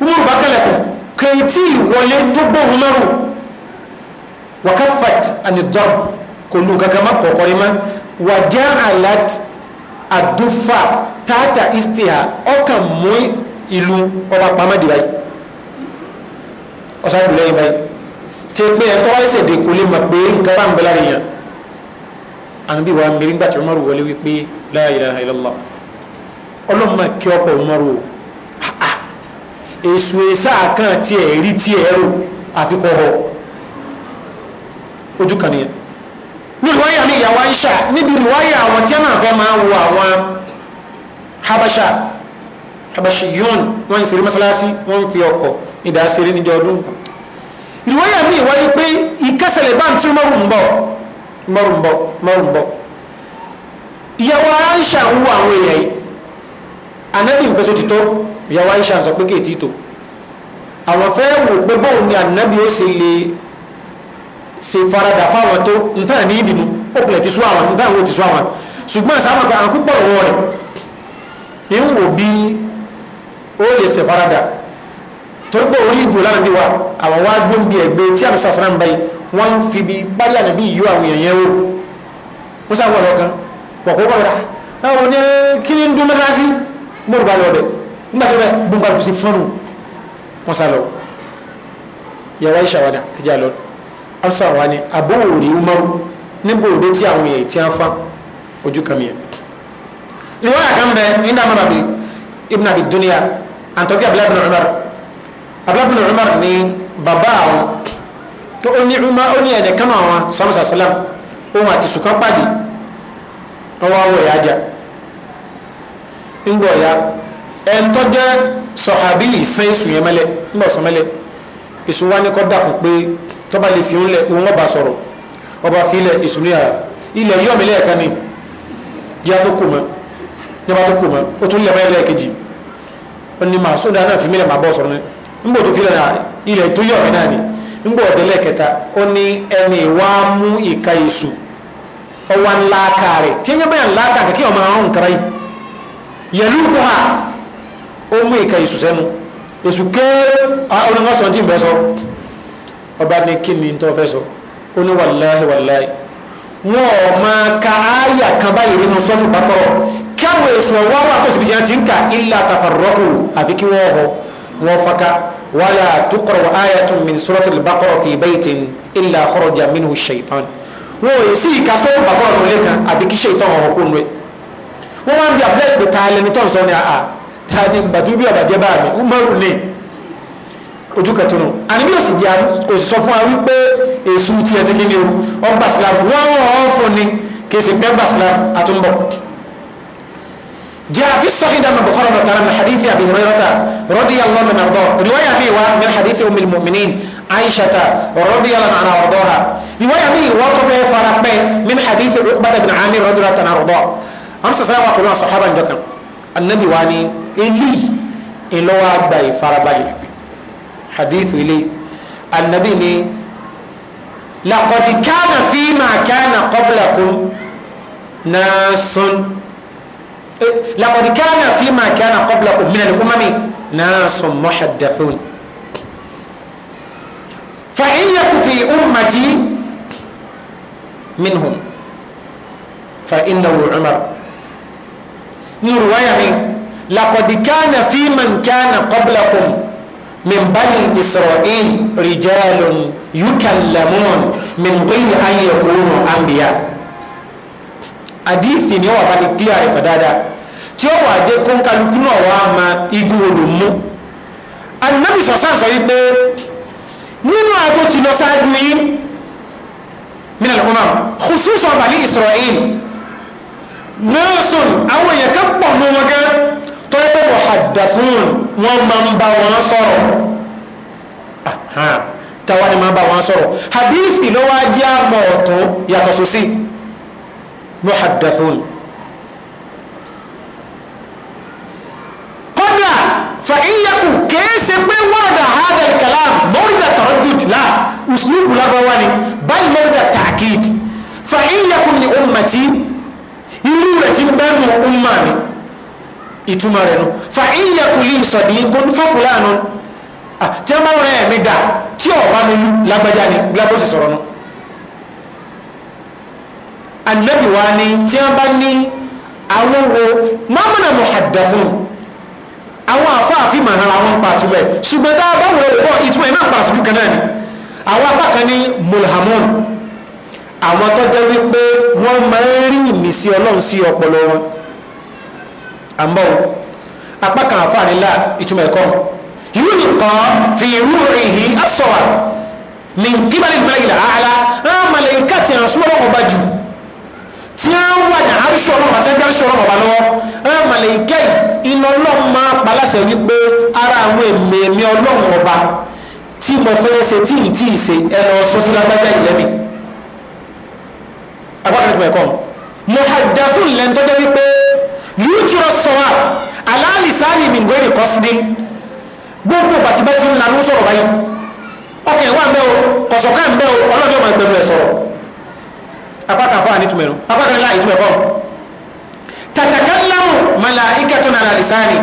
umaru bá kẹlẹ̀kù kẹ̀yìntì ìwọlé tó gbóhùn márùn wakafat ani dọ́r kò lu kankan má kọ̀kọ́rí má wàjá alat àdúfà tààtà istiha ọkàn mú ìlú ọba pamadi báyìí ọ̀sán ìlú lẹ́yìn báyìí tí pé ẹ̀tọ́ wáyé ṣèdè kò lè mọ̀ pé nǹkan bá ń bẹ lára èèyàn àwọn bí wàá mìíràn gbàtí umaru wọlé wípé la ilaha illallah ọlọ́mọ kí ọkọ̀ umaru ah ah èsù èsà kan tiẹ̀ rí tiẹ̀ rò àfikọ́ họ ojú kan nìyẹn ní ìwáyà ní ìyàwó Aisha níbi ìwáyà àwọn tí a náà fẹ́ máa wo àwọn Habasha Habashiyun wọ́n ń ṣeré mọ́sálásí wọ́n ń fi ọkọ̀ ìdásẹ́rẹ́ níjọ ọdún ìwáyà ní ìwáyà pé ìkẹsẹ̀lẹ̀ bá ń tún mọ́rùn bọ̀ mọ́rùn bọ̀ mọ́rùn bọ̀ ìyàwó Aisha ń wo àwọn èèyàn yìí anabi nǹkan sóti tọ́ ìyàwó aisha sọ pé kéètì tó àwọn fẹ́ wò pé bóun ni anabi ó ṣe lè ṣe farada fáwọn tó nǹkan ní ìdìmú ó pilẹ̀ ti sọ àwọn nǹkan ó ti sọ àwọn ṣùgbọ́n sáwọn àgbà àǹkú pọ̀ wọ́ rẹ̀ ń wò bí ó lè ṣe farada torí pé orí ìbò lánàá bí wa àwọn wá dún bí ẹgbẹ́ tí àmì sàṣẹ́nà ń báyìí wọ́n ń fi bí báyìí àná yíyó àwọn èèyàn yẹn wò ó sáwọn ọ̀rọ̀ kan wọ̀ báwo ni kí ni ń dún mẹ́sàásì mọ́rùbá lọ bẹ̀ nígbà tó bẹ̀ gbọ́ngbà kò sí fọ́nù wọn sá lọ yàrá ìṣàwádà ẹjẹ àlọ ọsà wa ni àbọ̀wòrì umaru níbo òde tí àwọn èèyàn ti ń fa ojú kan mìíràn riwaya kan bẹ inda mama bi ibn abi dunya antoki abdullahi bin umar abdullahi bin umar ni bàbá àwọn tó ó ní umar ó ní ẹ̀dẹ̀ kan àwọn samusa salam ohun àti sùkọ́ pàdé ọwọ́ àwọ̀ ẹ̀yà ajá ńgbọ̀ ya ẹ̀ńtọ́ jẹ́ sọ̀hábí ìsán èsù yẹn mẹ́lẹ̀ ńgbọ̀ sọ mẹ́lẹ̀ èsù wa ní kọ́ dàkún pé tọ́ba lè fi ń lẹ̀ òun ọba sọ̀rọ̀ ọba filẹ̀ èsù ní ara ilẹ̀ yọ̀ mí lẹ́ẹ̀kan ni yíyá tó kù mọ́ yíyá tó kù mọ́ ó tún lẹ̀ mẹ́lẹ̀ kejì ó ní màá sódà náà fi mí lẹ̀ màá bọ̀ sọ̀rọ̀ ní ńgbọ̀ tó filẹ̀ náà ilẹ̀ tó yọ̀ náà ni ńgbọ̀ ọ̀dẹ́lẹ̀ kẹta ó ní ẹni wàá mú ìka èsù ọwọ́ ńlá kárẹ̀ tí ẹ̀yẹ́ bẹ́ẹ̀ ńlá kárẹ̀ kí ọmọ àrùn kárẹ̀ yìí yẹlúkùhà ó mú ìkà èṣù sẹ́nu èṣù kéèrè onímọ̀sán ah, tí ń bẹ́ sọ ọba ní kí ni tó fẹ́ sọ ó ní wàláhì wàláhì wọn ò máa ka ááyà kan báyìí nínú sọ́tù bákọ́rọ̀ kí àwọn èṣù ọwọ́ wà tó sì fi jẹ́ ti ń kà ilà tàfàrọ́kù àfi kí wọ́n họ wọ́n faka wala tuqra ayatun min surati al-baqara fi baytin illa kharaja minhu shaytan wọn ò sì kásọ́ bákọ́rọ̀ tó lé kí shaytan ọ̀hún kún lóye wọ́n wá ń bí àbúlé ìpè ta ẹlẹ́ni tó ń sọ ní àá ah, ah, ta ni gbàtú bí ọ̀bà jẹ́ báàmì umaru ní ojú kẹtùnú àní bí òsì di òsìsọ fún wa wípé èsù ti ẹ kí ni o ọgbà sílámù wọ́n wọ́n fún ni kì í sì gbà sílámù àtúnbọ̀. جاء في الصحيح دم البخاري وتعالى من حديث أبي هريرة رضي الله من أرضاه رواية به من حديث أم المؤمنين عائشة رضي الله عنها وأرضاها رواية به وقف فرق من حديث عقبة بن عامر رضي الله عنه وأرضاه amsa sáyẹn wà kuma sahaban da ìjọ kan anabi wa ni eléyìí ìlọ́wọ́ àgbà ìfarabalẹ̀ hadithu ilé annabi ne laqad kana fi ma kana qablakum nasun laqad kana fi ma kana qablakum min al-umam nasun muhaddathun fa in yaku fi ummati minhum fa innahu umar. nuruwayami lakodikana fiman kana qablakum min bani israel rijalun yukallamun min ghayri an yakunu anbiya hadithi ni ó wà bá ní clear rẹ̀ tọ́ dáadáa tí ó wà jẹ́ kónkálukú náà wà á ma igun olùmú anabi sọ̀sán sọ yí pé nínú àtò tí lọ sáájú yìí min al-umam khususan bani israel nọ́ọ̀sùn àwọn èèyàn kan pọ̀ mọ́ wọn gẹ́ tó yẹ pé wọ́n hàdàfún wọn máa ń bá wọn sọ̀rọ̀ táwa ni máa ń bá wọn sọ̀rọ̀ hadithi ló wá jẹ́ àmọ́ ọ̀tún yàtọ̀ sósì ló hàdàfún. kódà fàíyàkù kèése pé wọ́ọ̀dà hádà kàlá mọ́rìdà taraddud la uslubu lábáwá ni báyìí mọ́rìdà ta'kid fàíyàkù ni ummati irú rẹ̀ ti bẹ́ẹ̀nu ọmọ mi ìtumọ̀ rẹ̀ nu fa ìyẹ kùlí ìsọ̀dí gbọ́n fáfúlànù tí a máa rẹ̀ mi dà tí ọba mi lu lágbájá ni gbábọ́sì sọ̀rọ̀ nu. anabi wa ni tí a bá ní àwọn wo mọ́mọ́nà muhaddafun àwọn àfáàfin màá hàn àwọn pàtúbẹ̀ ṣùgbọ́n tá a bá wọlé wọ ìtumọ̀ ìmọ̀ pàṣípù kan náà ni àwọn apá kan ní mulhamun àwọn tó jẹ́ wípé wọ́n máa ń rí ìmísí ọlọ́run sí ọpọlọ wọn àmọ́ apá kan àfààní là ìtumọ̀ ẹ̀kọ́ yìí nìkan fi irú ìhì asọ̀wà ní kíbalẹ̀ ìgbàlẹ̀ àhàlà àwọn màlẹ́kà tí wọ́n súnmọ́ ọba jù tí wọ́n wà ní àríṣọ́ ọlọ́run àti ẹgbẹ́ àríṣọ́ ọlọ́run ọba lọ́wọ́ àwọn màlẹ́kà iná ọlọ́run máa paláṣẹ wípé ara àwọn èmi ọlọ́run ọba tí mo fẹ́ ṣe tí ì tí ì ṣe ẹ̀rọ sọ́sílágbájá ìlẹ́mìí apákan tó ẹ̀kọ́ muhadafun lẹ́nu tó jẹ́ wípé yújúrọ̀ sọ́wọ́ aláàlìsáàlì mi gbẹ́rì kọ́sídì gbogbo bàtìbẹ́ ti ń lanú sọ̀rọ̀ báyìí ọkàn ìwà ń bẹ́ o kọ̀sọ̀ká ń bẹ́ o ọlọ́dún ọmọ ìgbẹ́nu ẹ̀ sọ̀rọ̀ apákan fún àní túmẹ̀rù apákan láàyè túmẹ̀kọ́ tatakallamu malaikatun ala lisani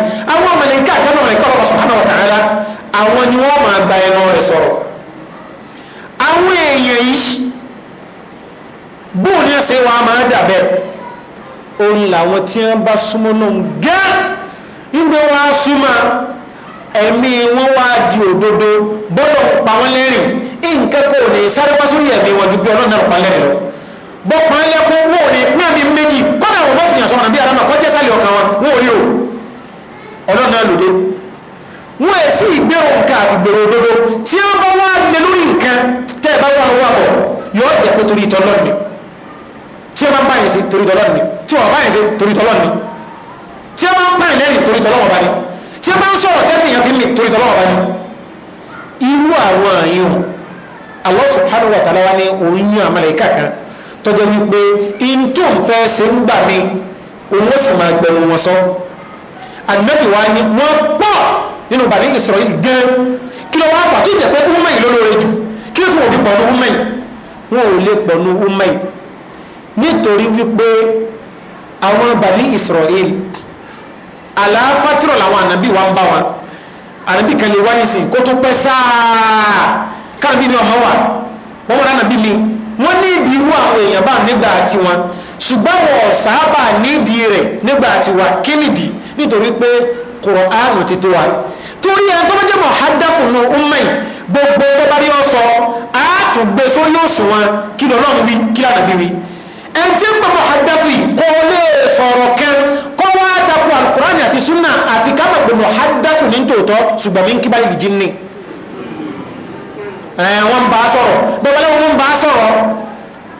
bóun ni ẹsẹ̀ wa máa dàbẹ̀ òun làwọn tí wọ́n bá súnmọ́ náà gẹ́ ìgbé wa súnmọ́ ẹ̀mí wọn wá di òdodo bọ́lọ̀ ń pa wọ́n lẹ́rìn nǹkan kò ní sáré wá sórí ẹ̀mí wọn ju bí ọlọ́run náà pa lẹ́rìn lọ bọ́ pa ń lẹ́kún wọn ò ní pín àmì méjì kọ́nà àwọn bá fìyàn sọ̀rọ̀ bí ara máa kọjá sálẹ̀ ọ̀kan wọn wọn ò rí o ọlọ́run náà lòdó wọn ẹ̀ sì gbèrò nǹkan àti gbèrò òdodo tí wọ́n bá wá lé lórí nǹkan tẹ́ ẹ bá wà wà bọ̀ yọ ọ́ jẹ́ pé torí ìtọ́lọ́run tí wọ́n bá yẹn ṣe torí tọ́lọ́ ni tí wọ́n bá yẹn ṣe torí tọ́lọ́ ni tí wọ́n bá yẹn lẹ́yìn torí tọ́lọ́ wọn bá ní tí wọ́n bá ń sọ̀rọ̀ tẹ́tì yẹn fi lè torí tọ́lọ́ wọn bá ní. irú àwọn àyùn Allah subhanahu wa ta'ala wa ni òun yàn àmàlẹ́kà kan tọ́jọ́ wípé intó ń fẹ́ ṣe ń gbà mí òun ó sì máa gbẹ̀rù wọn sọ. ànábì wa ni wọ́n pọ̀ nínú bàbí Israel gan kí ló wá pàtó ìjẹ́pẹ́ umeyi lólóore jù kí ló tún wọ́n fi pọ̀ nu umeyi nítorí wípé àwọn bali Israel aláfàtúrọ̀ làwọn ànábì wa ń bá wa ànábì kan lè wá ní kó tó pẹ́ sáà káàbí ni ọmọ wa wọ́n wọ́n ànábì mi wọ́n ní ìdí irú àwọn èèyàn bá nígbà àti wọn ṣùgbọ́n wọ́n sábà nídìí rẹ̀ nígbà àti wa kí nìdí nítorí pé Kùránù ti tó wa torí ẹni tó bá jẹ́ mọ̀hádàfù nù ọmọ yìí gbogbo tó bá rí ọ sọ àátùgbé sórí òṣùwọ̀n kí lọ́lọ́run wí kí lànàbí wí ẹnití ń pẹ̀lú hadafi kò lè sọ̀rọ̀ kan kó wá takò alukurani àti sunna àfi kámọ̀ pẹ̀lú hadafi ní tòótọ́ ṣùgbọ́n mi ń kíbá ìlú jíní. ẹ wọn ń bá a sọ̀rọ̀ babaláwo ń bá a sọ̀rọ̀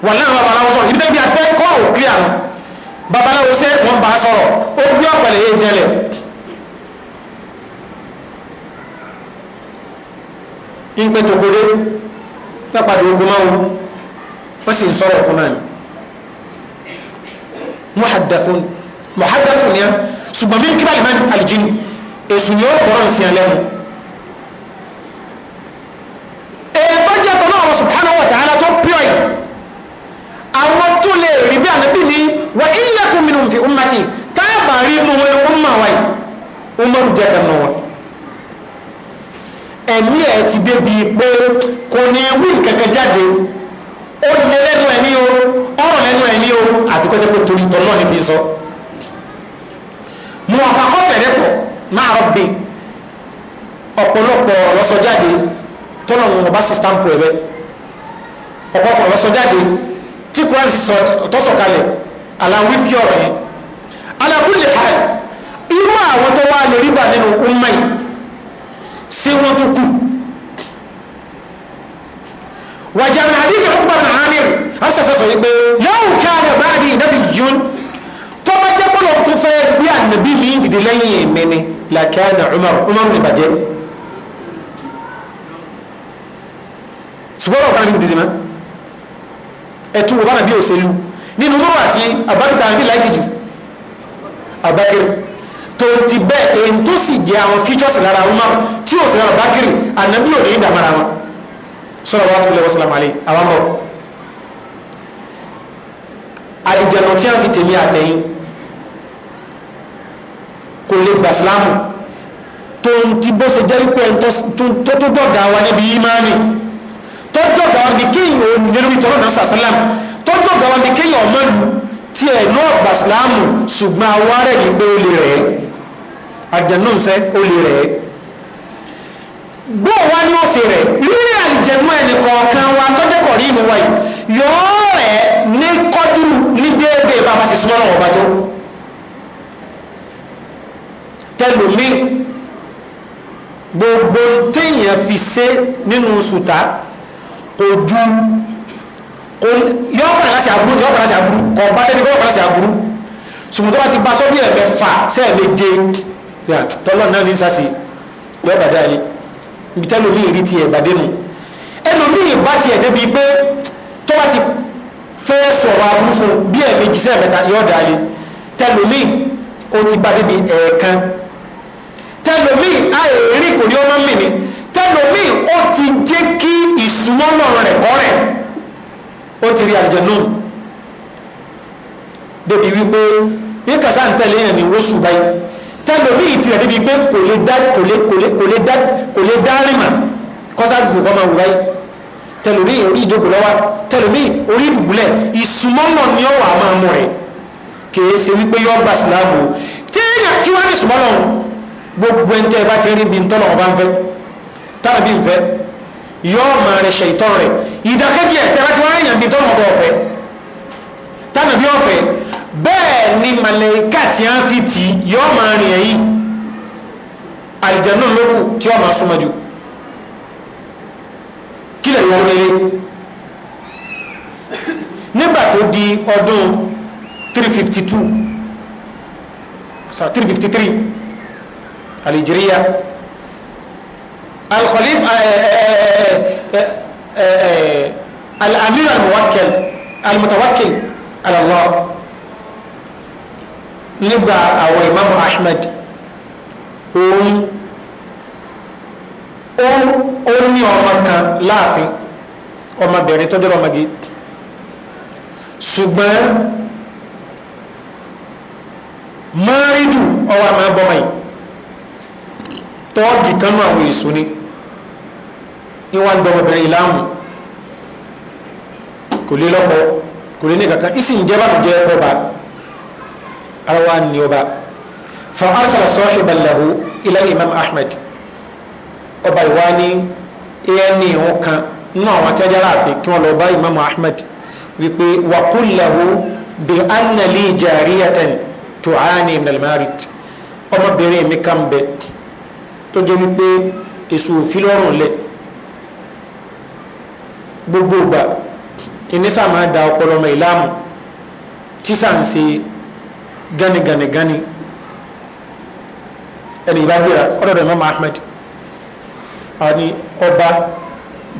wàlẹ́ àwọn babaláwo sọ̀rọ̀ ibi tẹ́lẹ̀ bí a ti fẹ́ kọ́ ò kílíà nù babaláwo sẹ́ wọn bá sọ̀rọ̀ ó gbé ọ̀pẹ̀lẹ̀ yé jẹlẹ̀ ń pẹ́ muhadafun muhadafun ni wọn ṣùgbọ́n bí kí báyìí máa ń alijin èsù ni ó bọ̀rọ̀ nsìn lẹ́nu. èèbá jẹ́ tọ́lá ọ̀rọ̀ subhanahu wa ta'ala tó pure yìí àwọn tó lè rí bí ànábì ní wa iyyakum minhum fi ummati táàbà rí mu wọn umma wa yìí umaru jẹ́ dànù wọn. ẹ̀mí ẹ̀ ti débi pé kò ní ewu ìkẹ̀kẹ̀ jáde ó lé lẹ́nu ẹ̀ ní o ọ̀rọ̀ lẹ́nu ẹ̀ ní o àti kọ́jọ́ pé torí tọ́ náà ní fi sọ. mo àfàkọ́ fẹ̀rẹ̀ pọ̀ máa rọ gbé ọ̀pọ̀lọpọ̀ lọ́sọjáde tọ́nà wọn bá sí stamp rẹ̀ bẹ́ ọ̀pọ̀lọpọ̀ lọ́sọjáde tí kúrán sì tọ́sọ̀kalẹ̀ aláwí kí ọ̀rọ̀ yẹn alákùnlé ha irú àwọn tó wá lè rí bà nínú ọmọ yìí ṣé wọ́n tó kù wàjà nàdí yìí ọgbà nà ámìr asàsà sọ yìí pé yóò kí a lè báyìí di ìnábì yún tó bá jẹ́ pọ́lọ̀ tó fẹ́ bí ànàbí mi dìde lẹ́yìn ìmẹ́ni làkẹ́ àná Umar Umar ní bàjẹ́ ṣùgbọ́n ọ̀gá mi dìde mọ́ ẹ̀tún wọ́n bá nàbí òṣèlú nínú Umar àti abákítà àbí láìkì jù abákẹ́rù tó ti bẹ́ẹ̀ èyí tó sì jẹ́ àwọn features lára Umar tí òṣèlú abákẹ́rù ànàbí òní ìdàmọ́ra wọn salawatullahi wa salamu alayhi àwọn bọ̀ àlìjẹ̀nà tí a fi tèmi àtẹ̀yìn kò lè gbà sílámù tó ń ti bó ṣe jẹ́ ipò ẹ̀ tó tó dọ̀gà wa níbi ìmáàni tó dọ̀gà wa níbi kéèyàn òun nínú ìtọ́rọ̀ náà sàṣálàmù tó dọ̀gà wa níbi kéèyàn ọmọ ìlú tí ẹ̀ náà gbà sílámù ṣùgbọ́n awárẹ̀ ní pé ó lè rẹ̀ àjẹ̀nà ń ó lè rẹ̀ ẹ́ gbọ́ wa ní òfin rẹ̀ lórí àlìjẹ̀mọ́ ẹnì kọ̀ọ̀kan wa tọ́jẹ́kọ̀ rí inú wa yìí yọ̀ọ́ rẹ̀ ní kọ́dúrú ní déédéé bá a bá sì súnmọ́ náà wọ́n bá tó tẹlomi gbogbo téèyàn fi ṣe nínú sùtá kò ju kò yọ̀ọ́ kàlá sí aburú yọ̀ọ́ kàlá sí aburú kọ̀ bá débi kọ́ kàlá sí aburú sùmùtọ́ bá ti ba sọ́bí ẹ̀mẹ́fà sẹ́ẹ̀mẹ́je tọ́lọ́ náà ní sásì yọ̀ọ́ bàdá yìí ibi tẹ́ lómi ìrí ti ẹ̀bà mi ẹlòmí ìbá ti ẹ̀ débi pé tó bá ti fẹ́ sọ̀rọ̀ abúfo bí ẹ̀mejì sẹ́ẹ̀mẹ́ta yọ̀ọ̀dà yìí tẹlomi ó ti bá débi ẹ̀ẹ̀kan tẹlomi àìrí kò ní ọmọ mi ni tẹlomi ó ti jẹ́ kí ìsúnmọ́nà rẹ̀ kọ́rẹ̀ ó ti rí àlùjànnú débi wípé yíkàsá ń tẹ̀lé ẹ̀ ní wọ́sù báyìí tẹlomi ìtirẹ̀ níbi pé kò kole, dá kò lè kò lè kò lè dá kò lè dá rìmà kọ́sá dùn kọ́ máa wù báyìí tẹlomi orí ìjókòó lọ́wọ́ tẹlomi orí ìdùbúlẹ̀ ìsúmọ́nà ni ọ̀wà máa mú rẹ̀ kìí ṣe wípé yọ ọba síláàmù téèyàn kí wọ́n ní ìsúmọ́nà gbogbo ẹni tẹ́ ẹ bá ti rí bí ntọ́nà ọba ń fẹ́ tára bí ń fẹ́ yọ ọmọ rẹ ṣe ìtọ́ rẹ ìdákẹ́jì ẹ̀ tẹ́ bá ti bẹ́ẹ̀ ni màlẹ́kà tí a fi tì yọ́ máa rìn ẹ̀yìn àlìjẹ̀nù lókù tí ó máa súnmọ́ jù kílẹ̀ ìwọ̀n rere nígbà tó di ọdún 352 353 alìjíríà alkhalif eh, eh, eh, al-amir al-muwakkil al-mutawakkil ala Allah nígbà àwọn Imam Ahmed òun ó ní ọmọ kan láàfin ọmọbìnrin tó jọrọ ọmọge ṣùgbọ́n mọ́rídù ọwọ́ àmọ́ bọ́mọ yìí tọ́ọ̀gì kanú àwọn èso ni ìwọ́n gbọmọbìnrin ìlàmù kò lè lọ́pọ̀ kò lè ní kankan ìsìn jẹ́ bàbá jẹ́ arawa ni ọba fa arsala sahiban lahu ila imam ahmed ọba ìwá ní ẹni ìhun kan nínú àwọn atẹ́jára àfin kí wọ́n lọ bá imam ahmed wípé wa qul lahu bi anna li jariyatan tu'ani min al-marid ọmọbìnrin mi kan bẹ tó jẹ́ wípé èso òfin lọ́rùn lẹ̀ gbogbo ìgbà ìnísàmà da ọpọlọmọ ìlàmù tí sà ń ṣe gani gani gani ẹni ìbá gbéra ọ̀dọ̀ rẹ̀ mọ́mọ́ Ahmed àní ọba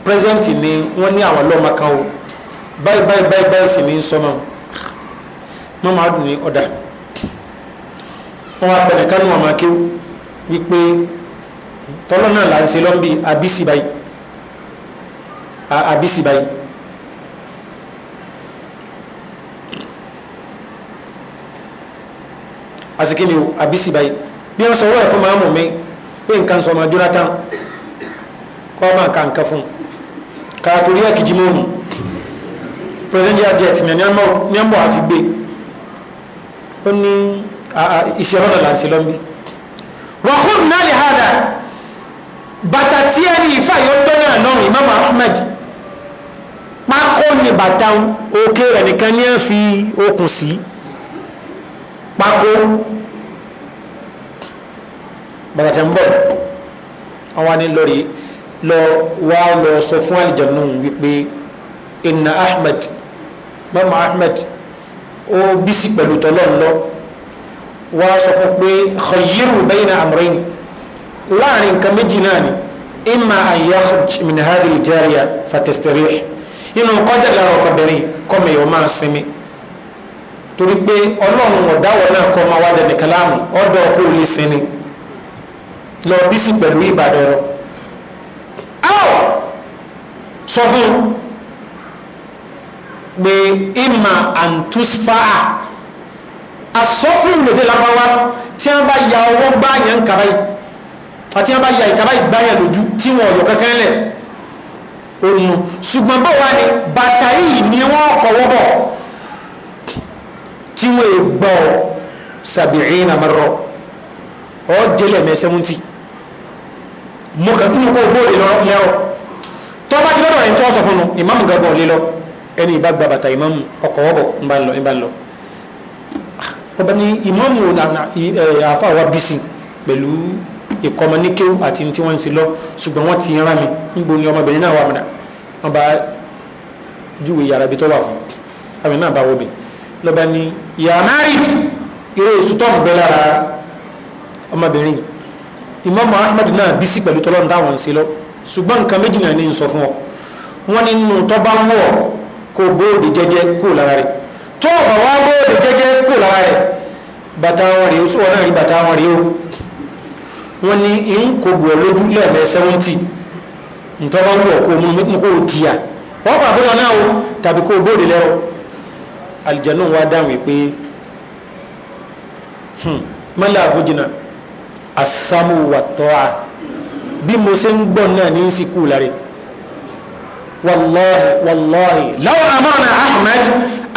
pírẹsidẹ́ǹtì ni wọ́n ní àwọn lọ́mọ kan o báyìí báyìí báyìí báyìí sì ní sọmọ mọ́mọ́ adùn ní ọ̀dà wọ́n wá pẹ̀lẹ́ kánú ọmọ akéwù wípé tọ́lọ́ náà là ń ṣe lọ́nbí àbísí báyìí àbísí báyìí. asikini o abisi bayi bí wọn sọ wọ́n ẹ̀fọ́ máa mọ̀ mi pé nǹkan sọ ma Jonathan kọ́ máa ka nǹkan fún kàtòrí ẹ̀kìjì mọ́ọ̀nù president jajet ní ẹ̀mọ́ àfi gbé ó ní ìṣẹ̀rọ̀ lọ́la ń se lọ́nbí wọ́n kún náà lè hàdà bàtà tí ẹ ní ìfà yóò tọ́ náà lọ́rùn Imam Ahmed pákó ni bàtà òkè rẹ̀ nìkan ní ẹ̀ fi okùn sí. Si pákó bàtàtà ń bọ̀ àwọn àni lọ́rí lọ wá lọ sọ fún àlìjànú wípé inna ahmed mama ahmed ó bísí pẹ̀lú tọ́lọ́ ńlọ wá sọ fún pé khayyiru bayna amrayn láàrin nǹkan méjì náà ni imma an yakhruj min hadhihi al-jariya fatastarih inú kọjá lára ọkọ̀bìnrin kọ́mẹ̀yọ̀ máa sinmi torí pé ọlọ́run ọ̀dáwọ̀ náà kọ́ máa wá dẹni kàláàmù ọ̀dọ̀ kó lè sinmi lọ bí sí pẹ̀lú ìbàdàn rẹ. áwọ̀ sọ fún pé ìmà àǹtúsfáà asọ́fún ìlòdì lábáwá tí wọ́n bá ya ọwọ́ gbáyàn kàbá yìí àti wọ́n bá ya ìkàbá ìgbáyàn lójú tí wọ́n ọ̀yọ́ kankan lẹ̀ òun ṣùgbọ́n báwa ni bàtà yìí ni wọ́n kọ̀wọ́ bọ̀ tí wọ́n è gbọ́ sàbìrín àmọ́rọ̀ ọ́ délẹ̀ mẹ́ sẹ́wọ́ntì mo kàn nínú kó gbóòlè lẹ́rọ tó bá ti lọ́dọ̀ ẹ̀ tó sọ fún un ìmáàmù gàgbọ́ lé lọ ẹni ìbá gba bàtà ìmáàmù ọkọ̀ ọ̀bọ̀ ń bá ń lọ ń bá ń lọ ọba ní ìmáàmù àfa wa bísí pẹ̀lú ìkọmọ ní kéwù àti tí wọ́n ń ṣe lọ ṣùgbọ́n wọ́n ti rán mi níbo ni ọmọbìnrin náà wà mọ́ra wọ́n bá júwe yàrá ibi tó wà fún àmì náà bá wọ́bìnrin lọ́ba ni you are married irú oṣù tó ń bẹ ọmọbìnrin Imam Ahmad náà bí sí pẹ̀lú tọ́lọ́run táwọn lọ ọ wọ́n ní nínú tó ń wọ̀ kó bóòdì kó lára rẹ̀ tó wá wọn rèé wọn rí bàtà wọn rèé o wọ́n ní ń ọ lójú lẹ́ẹ̀mẹ́ sẹ́wọ́ntì ntọ́ bá ń wọ̀ kó mú kó tìyà wọ́n pàbí wọn náà o tàbí kó aljanu wa dáhùn wípé mọ́lá hmm, àbójìnà asámú wà tọ́à bí mo ṣe ń gbọ́ náà ní ìsìnkú láre wàlláhi wàlláhi láwọn àmọ́nà ahmed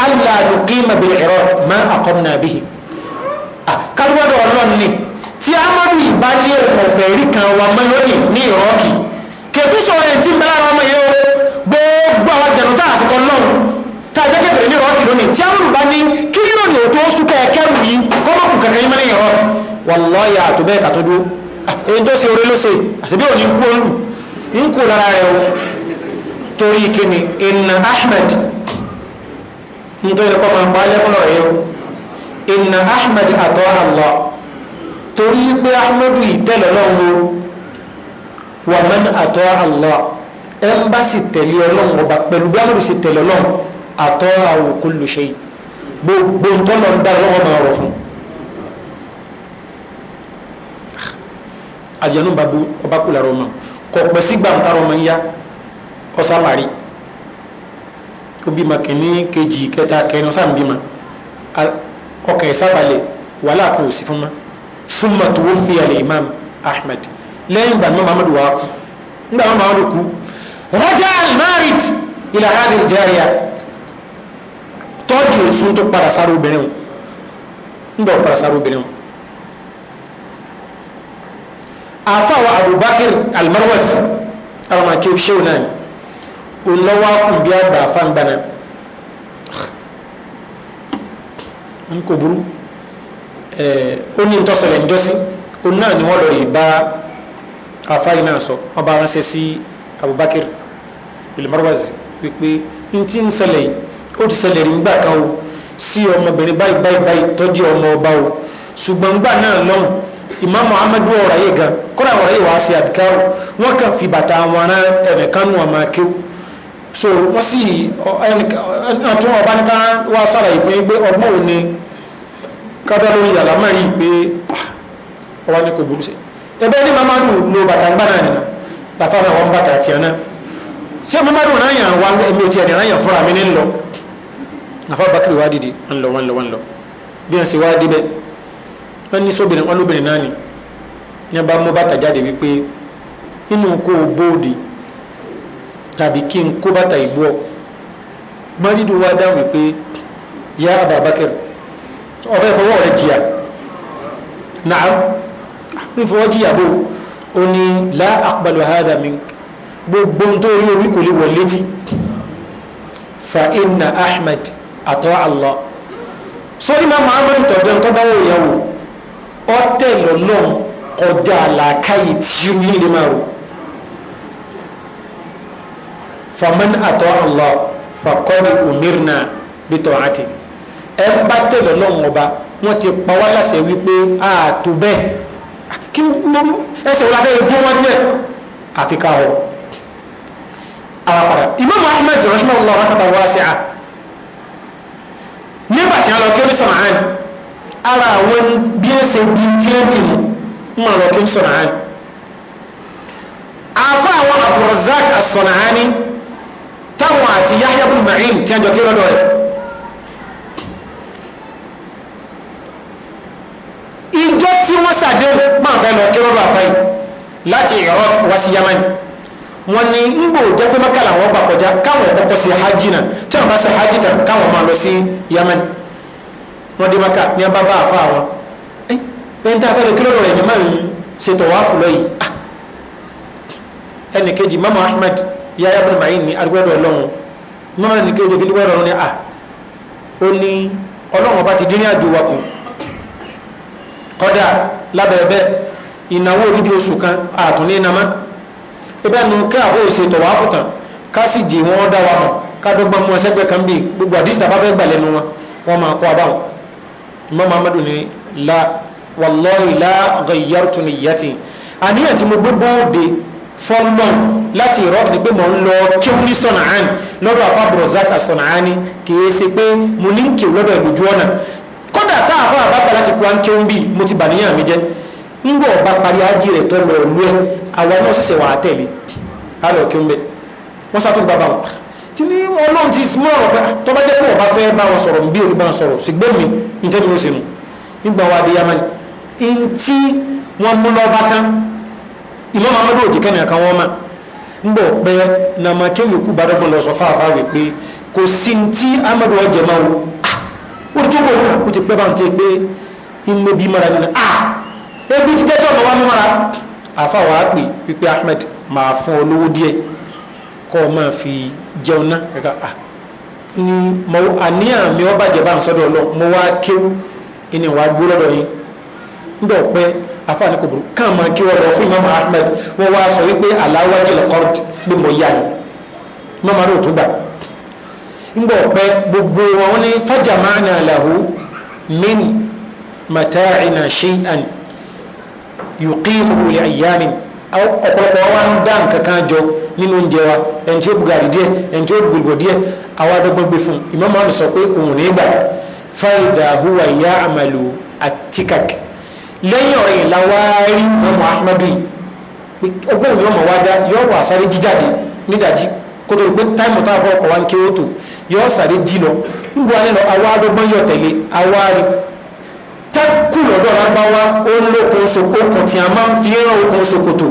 aláàlùkímà bil iraq ma aqamna bihi kárúbọ́dọ̀ ọlọ́ni tí amadu ìbálẹ̀ ọ̀fẹ́ rí kan wà mọ́ ní ìrọ́kì kẹtù sọ̀rọ̀ ètí mẹ́lára ọmọ yẹn o jẹ̀nù tá àsìkò lọ́rùn tàbí kẹfẹ̀rẹ̀ ní rọ́ọ̀kì lónìí tí àwọn olùbá ní kí ní òní ò tó ń súnkẹ́ ẹkẹ́rù yìí kọ́mọ̀kù kankan yìí mẹ́rin rọ́ọ̀kì wàlọ́ọ̀yà àtò bẹ́ẹ̀ kà tó dúró ah, èyí tó ṣe orí ló ṣe àti bí òní ń kú olù ń kú lára rẹ̀ o torí kíni inna ahmed ń tó yẹ kọ́ máa pa lẹ́kùnrin o inna ahmed àtọ́ àlọ́ torí pé ahmed ìtẹ́lẹ̀ náà wo wàmán àtọ́ àlọ́ ẹ̀ ń bá sì tẹ̀lé ọlọ́run ọba pẹ̀lú bí ahmed sì tẹ̀lé ọlọ́run àtọ́ àwò kó lù ṣe gbogbo ntọ́nà ń dára lọ́wọ́ máa rọ̀ fún àjẹnú babu ọba kù lára ọmọ kọ pẹ́ sí gbàǹtarọ̀ ọmọ yá ọ̀sàmárì ó bímọ kìíní kejì kẹta kẹrin ọ̀sán bímọ ọkàn ìsábalẹ̀ wàhálà kan ò sí fún ma súnmọ́ tó fi àlè imam ahmed lẹ́yìn ìgbà náà muhammadu wa kú nígbà náà muhammadu kú rọ́jà almarit ilà hadil jariya tọ́ọ̀gì èso tó padà sára obìnrin wọn ń bọ̀ padà sára obìnrin wọn. àfàwọ̀ Abubakar Almarwas àwọn àti òṣèlú náà olówó akùnbí àgbà àfàǹgbàna n kò burú ó ní ntọ́sẹ̀lẹ̀ njọ́sí ó náà ni wọ́n lọ rí bá àfáyín náà sọ wọ́n bá ránṣẹ́ sí Abubakar Almarwas wípé n ń ṣẹlẹ̀ yìí ó ti ṣẹlẹ̀ rí nígbà kan o sí ọmọbìnrin báyìí báyìí báyìí tọ́jú ọmọ ọba o ṣùgbọ́n nígbà náà lọ́hùn ìmáàmù amadu ọ̀rọ̀ yìí gan kọ́ra ọ̀rọ̀ yìí wàá ṣe o wọ́n kàn fi bàtà wọn rán ẹnìkan nù ọmọ o so wọ́n sì àtún ọba ní ká wá sára ìfún yín pé ọgbọ́n ò ní kábẹ́ lórí yàrá mẹ́rin pé ah, ọba ní kò burú sí ẹbẹ́ ní mamadu lo bàtà ńgbà náà nìyà bàtà náà wọ́n bàtà tiẹ̀ náà ṣé mamadu náà yàn wá ẹ̀mí ò tiẹ̀ ní ráyàn fúnra mi ní lọ nafa bakiri wa didi wọn lọ wọn lọ wọn lọ bí wọn sì wá débẹ̀ wọn ní sóbìnrin wọn lóbìnrin náà ni ní abá mú bàtà jáde wípé inú kó o bóòdì tàbí kí n kó bàtà ìbú ọ mọ́lídù wa dá wípé ya ababakar ọ̀fẹ́ fọwọ́ rẹ jìyà naam ń fọwọ́ jìyà bò ó ní la aqbalu hada mink gbogbo ohun tó rí orí kò lè wọ̀ létí fa inna ahmed àtọ́ àlọ́ sọ́rí máa máa mẹ́rin tọ̀dọ̀ ń tọ́gbà wò yẹ̀wò ọ̀tẹ̀ lọ́lọ́ kọjá àlàkáyè tí irú yìí lè máa rò faman àtọ́ àlọ́ fakọ́rì òmìnirina bí tọ́ àti ẹ̀ ń bá tẹ̀lọ́ lọ́wọ́ ọba wọ́n ti pa wá láṣẹ wípé ààtò bẹ́ẹ̀ kí ẹsẹ̀ wọ́n afẹ́ ojú wọn díẹ̀ àfikà ọ̀ àwọn padà Imam Ahmad rahimahullah rahmatan wasi'a nígbà tí a lọ kí ó ní sọ̀rọ̀ àárín ara àwọn bí ẹ ṣe di tí ẹ dì mú mọ̀ lọ kí ó ní sọ̀rọ̀ àárín àfa àwọn Abdulrazak as táwọn àti Yahya bin Ma'in tí a jọ kí lọ́dọ̀ rẹ̀ ìjọ tí wọ́n sàdé máa fẹ́ lọ kí lọ́dọ̀ àfáyì láti Iraq wá sí Yamani wọn ni ń bò jẹ́ pé mọ́kànlá wọn gbà kọjá káwọn ẹ̀kọ́ sí hajj náà tí wọn bá sí hajj tán káwọn máa lọ sí Yemen wọn dé maka ní abá bá àfa wọn ẹni tí a fẹ́ lọ kílódé rẹ̀ ẹ̀yìn máa ń ṣètò wàá fúlọ́ yìí ah. ẹnì kejì mama Ahmed yaya bin mayin ni arúgbẹ́dọ̀ ọlọ́run mama ẹnì kejì òfin dúpẹ́ ọlọ́run ni a ah. ó ní ọlọ́run ọba ti dín ní àjò wa kù kọ́dà lábẹ́ bẹ́ẹ̀ ìnáwó odidi oṣù kan àtúnlé namá ibà nù kí àfọ òsè tọ̀wá fùtàn ká sì jì wọ́n dá wa mọ̀ ká dọ́gbọ́n mú ẹsẹ́gbẹ́ kan bíi gbogbo àdìsí tàbá fẹ́ gbà lẹ́nu wọn wọ́n máa kọ́ abáwọn Imam Muhammadu ni la wallahi la ghayyartu niyyati àníyàn tí mo gbé bóde fọ́nmọ́n láti iraq ni pé mò ń lọ kíw ní sọ̀nàán lọ́dọ̀ àfa brozaka sọ̀nàán ni kìí ṣe pé mo ní kíw lọ́dọ̀ ìlú jọ́nà kódà tá àfa àbábà láti kó à ń kíw bí mo ti bà níyàn mi jẹ́ ńgbọ́ ọba parí a rẹ̀ tọ́ lọ awa ẹ̀ àwa wa ṣẹ̀ṣẹ̀ wà á wọn ọba fẹ́ bá wọn sọ̀rọ̀ bí olùbá wọn sọ̀rọ̀ ṣùgbọ́n mi ìtẹ́ mi ló ṣe nù nígbà wa adé yamani ntí wọn mú lọ tán ìmọ̀ màmá dò òjì kẹ́nìyàn kan wọ́n mà ńgbọ̀ pé nàmàkẹ́ yòókù bá dọ́gbọ̀n lọ sọ amadu máa wò ó ah! tó bọ̀ ti pẹ́ ebi ti tẹ́tọ̀ ọ̀nà wa mú mara àfa wàá pè Ahmed máa fún ọ díẹ̀ kọ́ ọ máa fi jẹun náà ẹ̀ka ah, à ni mo àníyàn mi wọ́n bàjẹ́ bá ń sọ́dọ̀ ọlọ́ mo wá kéwú ẹni wàá gbó lọ́dọ̀ Ahmed wọ́n wá sọ wípé aláwájú pé mo yá ni gbogbo wọn yuqimuhu li ayyamin ọ̀pọ̀lọpọ̀ wa ń dá nǹkan kan jọ nínú oúnjẹ wa ẹni tí ó bu gàrí díẹ̀ ẹni bu gbogbo Imam sọ pe òun ní gbà huwa ya atikak lẹ́yìn ọ̀rẹ́ yìí láwa rí Imam Ahmad yìí ọgbọ́n mi ọmọ wa dá yọ wà sáré jíjáde nídàjí kótó gbé táìmù ń kí yọ sáré jí lọ tákù lọ́dọ̀ lágbáwá ó ń lókun okùn tí a máa ń fi rán okùn ṣòkòtò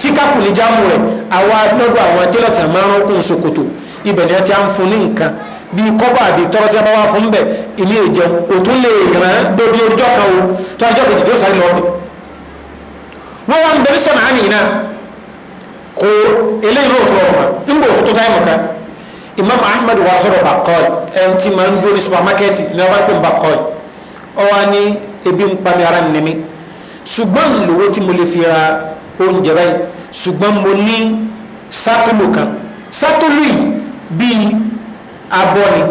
tí kákù ní jámù rẹ̀ àwa lọ́dọ̀ àwọn tẹ́lọ̀ tí a máa ń rán okùn ṣòkòtò ibẹ̀ ni a ti ń fún ní nǹkan bí kọ́bà àbí tọ́rọ tí a bá wá fún bẹ̀ ilé ìjẹun kò tún lè ràn dóbi ọjọ́ kan o tó ọjọ́ kejì tó sáré lọ́ọ̀bì wọ́n wá ń bẹ̀rẹ̀ sọ̀nà àní iná kò Imam Ahmad wà sọ̀rọ̀ bàkọ́ọ̀lì ẹni tí máa ń dúró ní supamakẹ́ẹ̀tì ọwọ́ ní ebi ń pa mi ara nì mi ṣùgbọ́n lówó tí mo lè fi ra oúnjẹ báyìí ṣùgbọ́n mo ní sátúlù kan sátúlù yìí bíi abọ́ ni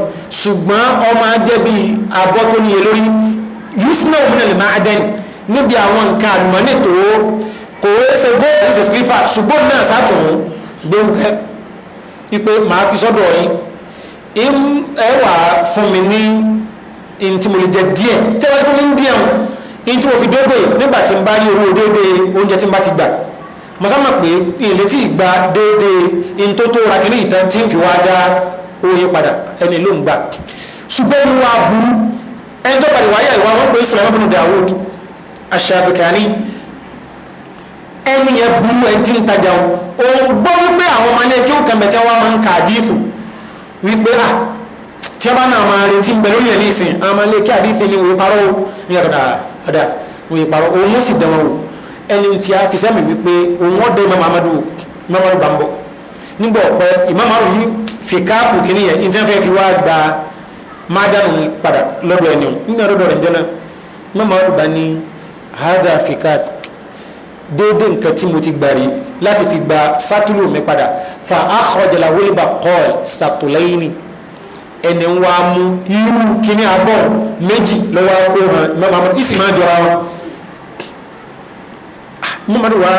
ṣùgbọ́n ọmọ ajẹ́ bíi abọ́ tó níye lórí yusuf náà òmìnira lè máa dẹ́ni níbi àwọn nǹkan àlùmọ́nì tó kò é ṣe góòlù ṣe sílífà ṣùgbọ́n náà sátùn gbẹ̀wùkẹ́ wípé màá fi sọ́dọ̀ yín ẹ wà fún mi ní in tí mo lè jẹ díẹ̀ tẹ́wọ́n fún mi ń díẹ̀ in tí mo fi dógbè nígbà tí n bá rí owó déédé oúnjẹ tí n bá ti gbà mo sábà pé ilé tí ìgbà déédé in tó tó ra kiri ìtàn tí n fi wá dá oye padà ẹni ló ń gbà ṣùgbọ́n inú wa burú ẹni tó padà wáyà ìwà wọn pé Sulaiman bin Dawood aṣàtòkàní ẹni yẹn burú ẹni tí ń tajà òun gbọ́ wípé àwọn ọmọ ilé kí ó kàn máa ń kà á dìífù wípé ah, tí a bá náà máa retí ń bẹ lórí ẹ̀ ní ìsìn àwọn máa lé kí àdífẹ́ ní òye parọ́ ní ọ̀dà ọ̀dà òye parọ́ òun ó sì dẹ̀ wọn o ẹni tí a fi sẹ́mi wípé òun ọ̀dẹ́ Imam Ahmadu mẹ́wàá bá ń bọ̀ nígbà ọ̀pẹ Imam Ahmadu yìí fi káàpù kìíní yẹn ní tẹ́fẹ́ fi wá gba mádàmù padà lọ́dọ̀ ẹni o nígbà lọ́dọ̀ rẹ̀ jẹ́ náà Imam Ahmadu bá ní láti fi gba sátúlù mi padà fa akhrajala wílíbà kọ́ọ̀l sàtúlẹ́yìn ẹni wa mú irú kíní abọ́ méjì lọ́wọ́ kó hàn isi ìsì máa jọra wọn ah, mọ́mọ́dé wa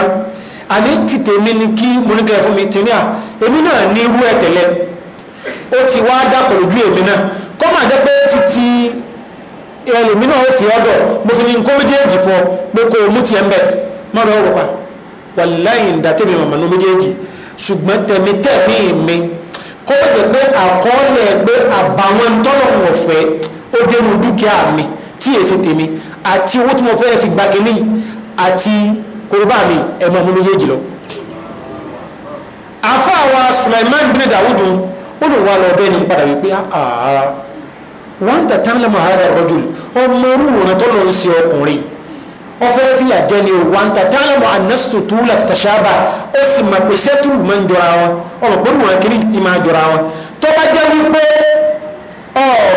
àní tìtẹ̀ mi ni kí monika fún mi tì à ah, èmi náà ní irú ẹ̀ ti wá pẹ̀lú ju èmi náà kọ́ máa jẹ́ pé títí ẹlòmí náà ó fi ọ̀dọ̀ mo fi ní nǹkan méjèèjì fọ pé kò mú tiẹ̀ ń bẹ̀ mọ́dọ̀ ọ̀rọ̀ pa wàláyìn màmá ní méjèèjì ṣùgbọ́n tẹ̀mí tẹ̀mí Temi, kó o jẹ pé àkọọ́lẹ̀ pé àbàwọn tọ́lọ̀ wọ̀ fẹ́ ó dẹnu dúkìá mi tí èsì tèmi àti owó tí mo fẹ́ fi gba kínní àti korobá mi ẹ̀ mọ́ mú méjèèjì lọ. àfa àwa Sulaiman bin Dawudu ó lè wá lọ bẹ́ẹ̀ ni padà wípé ààrà wọ́n ń tàtàn lẹ́mọ̀ ààrẹ rọ́jò ọmọ orúurú tó lọ ń ṣe ọkùnrin yìí ọfẹ́ fìyà jẹ́ ni wà ń tàtà àmọ́ ànásùtò tó làtàtà ṣáàbà ó sì mà pé sẹ́tùrù máa ń jọra wọn ọmọ pé wọn kiri ni máa jọra wọn tó bá jẹ́ wípé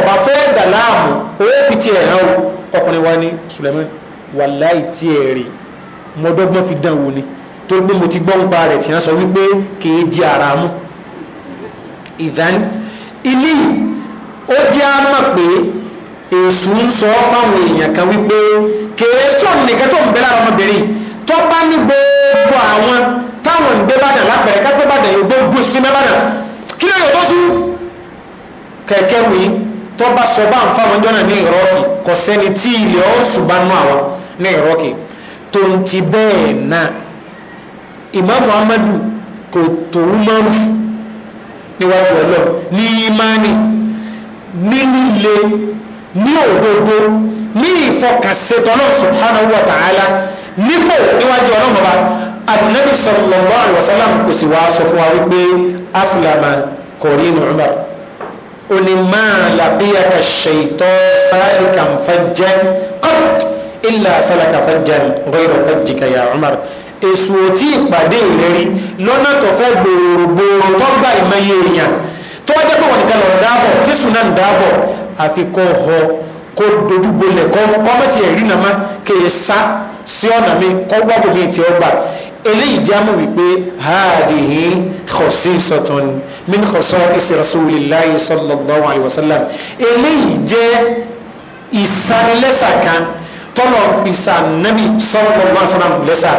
ọba fẹ́ dà láàmú owó fi tiẹ̀ hàn o ọkùnrin wa ni Sulaiman wàláì tiẹ̀ rè mọ́dọ́gbọ́n fi dán wò ni tó gbé mo ti gbọ́ ń pa rẹ̀ tí wọ́n sọ wípé kì di ara mú ìdán ilé ó jẹ́ àmọ̀ pé èsù ń sọ fáwọn èèyàn kan wípé kèésọ̀ nìkan tó ń bẹ lára ọmọbìnrin tó bá ní gbogbo àwọn táwọn ń gbé bàdàn lápẹ̀rẹ̀ kápẹ́ bàdàn yóò gbogbo sí mẹ́bàdàn kí ló yọ tó sí. kẹ̀kẹ́ mi tó bá sọ bá ń fáwọn jọ́nà ní ìrọ́kì kò sẹ́ni tí ilẹ̀ ọ̀sùn bá nú àwọn ní ìrọ́kì tó ń ti bẹ́ẹ̀ náà ìmáàmù amadu kò tòun mọ́rù níwájú ọlọ́ ní ìmánì ní ilé ní òdodo ní ìfọkànṣe tọ́lọ́ subhanahu wa ta'ala nípò níwájú ọlọ́run ọba anabi sallallahu alaihi wasallam kò sì wá sọ fún wa wípé aslama korinu umar oni máa làbíyàkà ṣètọ́ sáàlìkà fẹ́jẹ́ qat illa sálàkà fẹ́jẹ́ ghayra fẹ́jìkà ya umar èso tí ìpàdé rẹ rí lọ́nà tó fẹ́ gbòòrò gbòòrò tó gbà ìmọye èèyàn tó wájẹ́ pé wọ́n nìkan lọ dáàbọ̀ tí sunan dáàbọ̀ àfikọ́ họ kó dojúbolẹ̀ kọ́ kọ́mẹ́tì ẹ̀rí nàmá kéye sá sí ọ̀nà mi kọ́ gbàgbọ́ mi ti ọgbà eléyìí jámù wípé hadihi khasisatun min khasa'is rasulillahi sallallahu alayhi wa sallam eléyìí jẹ́ ìsanilẹ́sà kan tọ́lọ̀ ìsànnábì sallallahu alayhi wa sallam lẹ́sà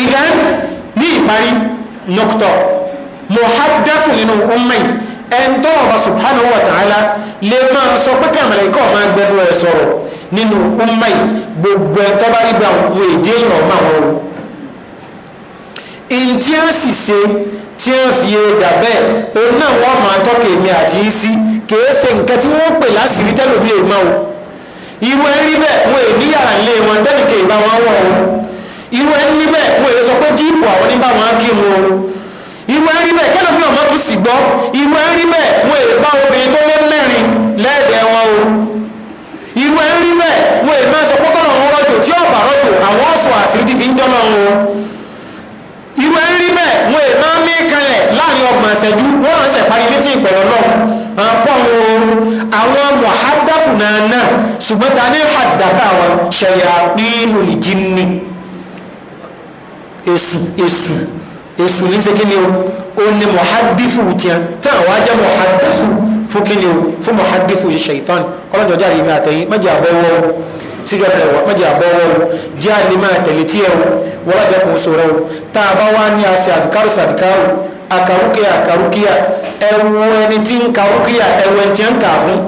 ìlànà ní ìparí nọ́kítọ̀ muhaddafu nínú ummah ẹ̀ńtọ́ ọba subhanahu wa ta'ala lè máa sọ pé kàmàlà ikọ̀ máa gbẹnu ẹ̀ sọ̀rọ̀ nínú ummai gbogbo ẹ̀ńtọ́ bá rí gbà wọ èdè èèyàn máa wọ́n tí a sì ṣe tí a fi dà bẹ́ẹ̀ náà wọ́n máa tọ́kẹ̀ àti isi kìí ṣe nǹkan tí wọ́n pè lásìrí tẹ́lómi rí bẹ́ẹ̀ yàrá ilé wọn wọn wọ̀ rí bẹ́ẹ̀ ìwé rí bẹ́ẹ̀ kí lóbi ọmọ tún sì gbọ́ ìwé rí bẹ́ẹ̀ wọn èè bá obìnrin tó lé mẹ́rin lẹ́ẹ̀dẹ̀ wọn o ìwé rí bẹ́ẹ̀ wọn èè máa sọ pé kọ́nà òun rọ̀jò tí ọ̀bà rọ̀jò àwọn ọ̀sùn àṣírí ti fi ń jọ́nà o ìwé rí bẹ́ẹ̀ wọn èè máa mí kalẹ̀ láàrin ọgbọ̀n ìṣẹ́jú wọn rán ṣẹ̀ parí létí ìpẹ̀rẹ̀ náà pọ̀ wọn àwọn mọ̀hádàfù náà náà ṣùgbọ́n ta ní àdàbà wọn ṣẹ̀yà pínlùlì jí èsù èsù èsù ní ṣe kíni o ó ní mọ̀hádífù tiẹ̀ tí àwọn ajá mọ̀hádífù fún kíni o fún mọ̀hádífù yìí ṣèitán ọlọ́dún ọjà rèémí àtẹ̀yìn mẹ́jẹ̀ àbọ̀wọ́ o síjọ rẹ̀ wọ́n mẹ́jẹ̀ àbọ̀wọ́ o jẹ́ àlè máa tẹ̀lé tiẹ̀ o wọ́n lájọ kò sọ̀rọ̀ o tá a bá wá ní àṣẹ àdìkárò sàdìkárò akarukia akarukia ẹwọ ẹni tí ń ka ẹwọ ẹni tí ń kà fún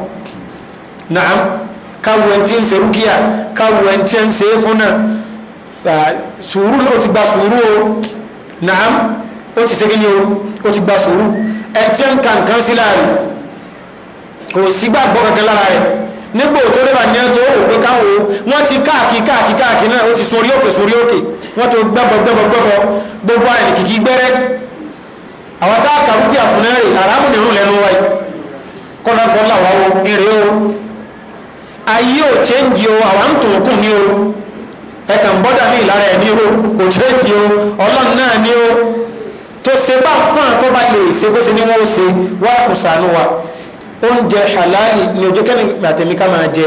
naam káwọ ẹni tí ń ṣe káwọ ẹni tí ń ṣe fún náà sùúrù ló ti gba sùúrù o naam ó ti segin ni o ó ti gba sùúrù ẹ tí ń ka nǹkan sí láàrin kò sí gbàgbọ́ kankan lára rẹ̀ nígbò tó débà ní ẹjọ́ òpin káwọn o wọ́n ti káàkì káàkì káàkì náà ó ti sórí òkè sórí òkè wọ́n tó gbẹ́bọ̀ gbẹ́bọ̀ gbẹ́bọ̀ gbogbo ara ẹ̀ kìkì gbẹ́rẹ́ àwọn tá a kà wípé àfúnẹ́ rè àràmù nìrún lẹ́nu wáyé kọ́nà gbọ́n làwọn o ìrè o ayé ò chẹ́ǹgì o àwọn ń tòun kù o ẹ̀kàn bọ́dà ní ìlara ẹ̀ ní o kò ṣéèkì o ọlọ́run náà ní o tó ṣe bá fún àwọn tó bá lè ṣe bó ṣe ní wọ́n ó ṣe wá kò sànú wa oúnjẹ halali ni ojú kẹ́ni àtẹ̀mí ká máa jẹ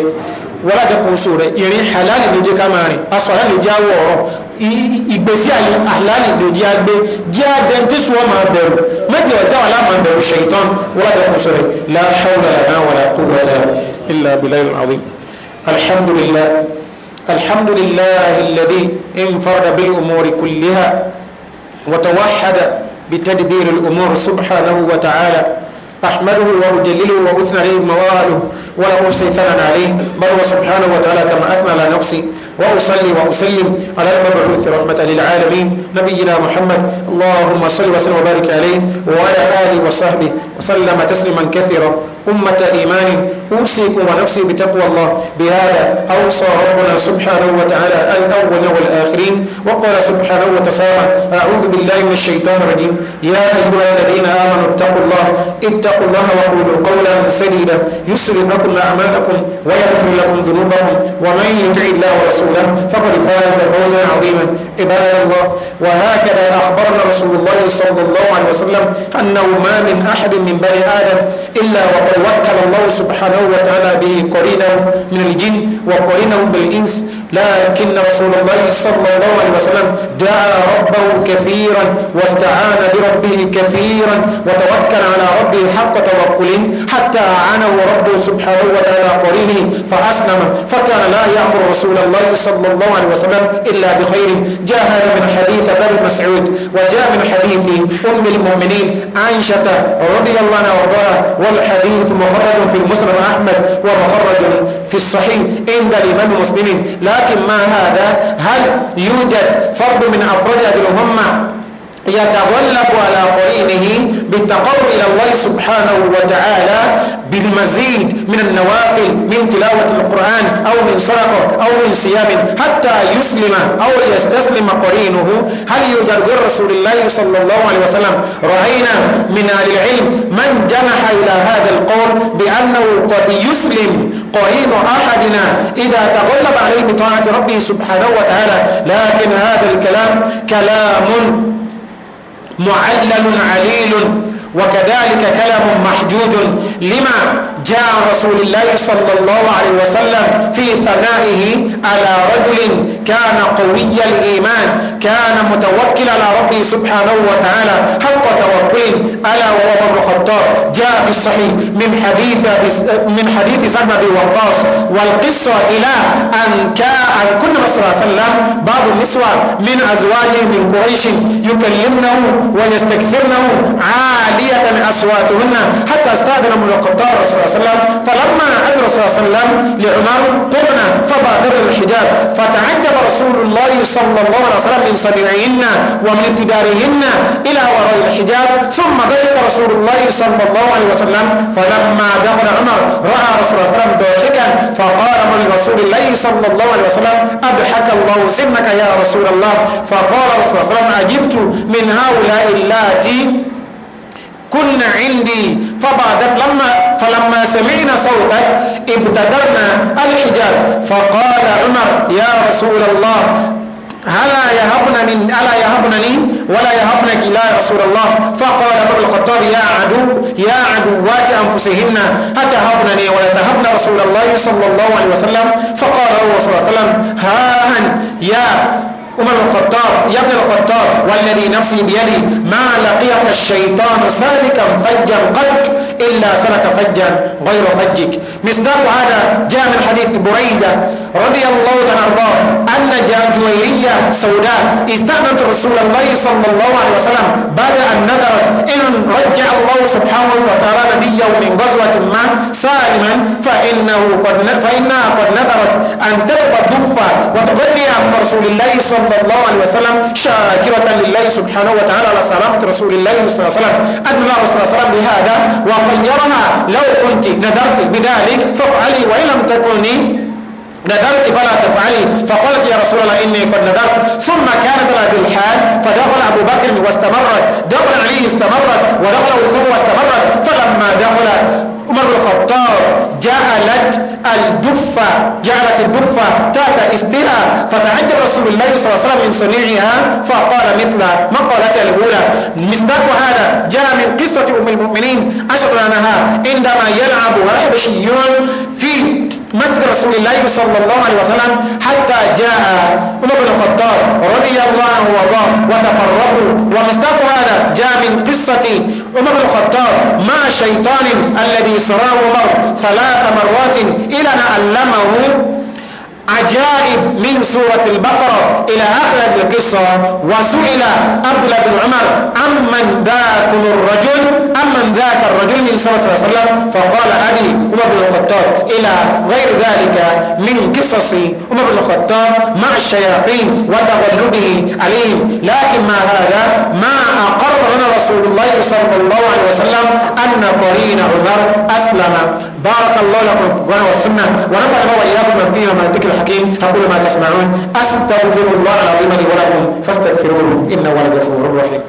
wọ́lá jẹ́ kóso rẹ̀ ìrìn halali ni ojú ká máa rìn aṣọ halali jẹ́ àwọ̀ ọ̀rọ̀ ìgbésí ayé halali ni ojú agbé jẹ́ adẹ́ntísù máa bẹ̀rù méjì ọ̀dá wọn láwọn bẹ̀rù ṣèyítán wọ́lá jẹ́ kóso rẹ̀ la hawla wala quwwata illa billahi al-azim alhamdulillah. الحمد لله الذي انفرد بالأمور كلها وتوحد بتدبير الأمور سبحانه وتعالى أحمده وأجلله وأثنى عليه مواله ولا أحصي ثنا عليه بل وسبحانه وتعالى كما أثنى على نفسي وأصلي وأسلم على المبعوث رحمة للعالمين نبينا محمد اللهم صل وسلم وبارك عليه وعلى آله وصحبه وسلم تسليما كثيرا أمة إيمان أوصيكم ونفسي بتقوى الله بهذا أوصى ربنا سبحانه وتعالى الأول والآخرين وقال سبحانه وتعالى أعوذ بالله من الشيطان الرجيم يا أيها الذين آمنوا اتقوا الله اتقوا الله وقولوا قولا سديدا يسر لكم أعمالكم ويغفر لكم ذنوبكم ومن يطع الله ورسوله ورسوله فقد فاز فوزا عظيما عباد الله وهكذا أخبرنا رسول الله صلى الله عليه وسلم أنه ما من أحد من بني آدم إلا وقد وكل الله سبحانه وتعالى به قرينه من الجن وقرينه بالإنس لكن رسول الله صلى الله عليه وسلم دعا ربه كثيرا واستعان بربه كثيرا وتوكل على ربه حق توكل حتى أعانه ربه سبحانه وتعالى قرينه فأسلم فكان لا يأمر رسول الله صلى الله عليه وسلم إلا بخير جاء هذا من حديث بن مسعود وجاء من حديث أم المؤمنين عائشة رضي الله عنها وارضاها والحديث مخرج في المسلم أحمد ومخرج في الصحيح عند الإمام المسلمين لا لكن ما هذا هل يوجد فرد من أفراد هذه الأمة يتغلب على قرينه بالتقرب إلى الله سبحانه وتعالى بالمزيد من النوافل من تلاوة القرآن أو من صدقة أو من صيام حتى يسلم أو يستسلم قرينه هل يجرجر رسول الله صلى الله عليه وسلم رأينا من أهل العلم من جنح إلى هذا القول بأنه قد يسلم قرين أحدنا إذا تغلب عليه بطاعة ربه سبحانه وتعالى لكن هذا الكلام كلام معلم عليل وكذلك كلام محجوج لما جاء رسول الله صلى الله عليه وسلم في ثنائه على رجل كان قوي الإيمان كان متوكل على ربه سبحانه وتعالى حق توكل ألا وهو ابن الخطاب جاء في الصحيح من حديث من حديث سعد بن وقاص والقصة إلى أن كان أن كنا صلى الله عليه وسلم بعض النسوة من أزواجه من قريش يكلمنه ويستكثرنه عالي عالية أصواتهن حتى استاذن من القطار رسول الله صلى الله عليه وسلم فلما أدى رسول الله صلى الله عليه وسلم لعمر قمنا فبادر الحجاب فتعجب رسول الله صلى الله عليه وسلم من صنيعهن ومن ابتدارهن إلى وراء الحجاب ثم ضيق رسول الله صلى الله عليه وسلم فلما دخل عمر رأى رسول الله صلى الله عليه وسلم ضاحكا فقال من رسول الله صلى الله عليه وسلم أضحك الله سنك يا رسول الله فقال رسول الله صلى الله عليه وسلم أجبت من هؤلاء اللاتي كنا عندي فبعدت لما فلما سمعنا صوتك ابتدرنا الحجاب فقال عمر يا رسول الله هلا يهبنا من الا يهبنني ولا يهبنك لا رسول الله فقال عمر الخطاب يا عدو يا عدوات انفسهن اتهبنني ولا تهبن رسول الله صلى الله عليه وسلم فقال هو صلى الله عليه وسلم ها يا عمر الخطاب يا ابن الخطاب والذي نفسي بيدي ما لقيك الشيطان سالكا فجا قط إلا سلك فجا غير فجك مصداق هذا جاء من حديث بريدة رضي الله عنه أرضاه أن جويرية سوداء استأمنت رسول الله صلى الله عليه وسلم بعد أن نذرت إن رجع الله سبحانه وتعالى نبيه من غزوة ما سالما فإنه قد فإنها قد نذرت أن تلقى الدفه وتغني عن رسول الله صلى صلى الله عليه وسلم شاكرة لله سبحانه وتعالى على سلامة رسول الله صلى الله عليه وسلم أدنى رسول الله صلى الله عليه وسلم بهذا وخيرها لو كنت نذرت بذلك فافعلي وإن لم تكوني نذرت فلا تفعلي فقالت يا رسول الله إني قد نذرت ثم كانت على ذي الحال فدخل أبو بكر واستمرت دخل علي استمرت ودخل الخوف واستمرت فلما دخل عمر بن الخطاب جعلت الدفة جعلت الدفة تحت استيلاء فتعجب رسول الله صلى الله عليه وسلم من صنيعها فقال مثل ما قالت الأولى مصداق هذا جاء من قصة أم المؤمنين أشرت عنها عندما يلعب وهي بشيون في مسجد رسول الله صلى الله عليه وسلم حتى جاء عمر بن الخطاب رضي الله عنه وارضاه وتفرقوا ومصداق هذا جاء من قصة عمر بن الخطاب مع شيطان الذي سراه عمر ثلاث مرات إلى أن علمه عجائب من سورة البقرة إلى آخر القصة وسئل عبد الله بن عمر أمن ذاكم الرجل أمن ذاك الرجل من صلى الله عليه وسلم فقال أبي عمر بن الخطاب إلى غير ذلك من قصص عمر بن الخطاب مع الشياطين وتغلبه عليهم لكن ما هذا ما أقر رسول الله صلى الله عليه وسلم أن قرين عمر أسلم بارك الله لكم في القرآن والسنة ونفع الله وإياكم فيما ما ذكر الحكيم أقول ما تسمعون أستغفر الله العظيم لي ولكم فاستغفروه إنه هو الغفور الرحيم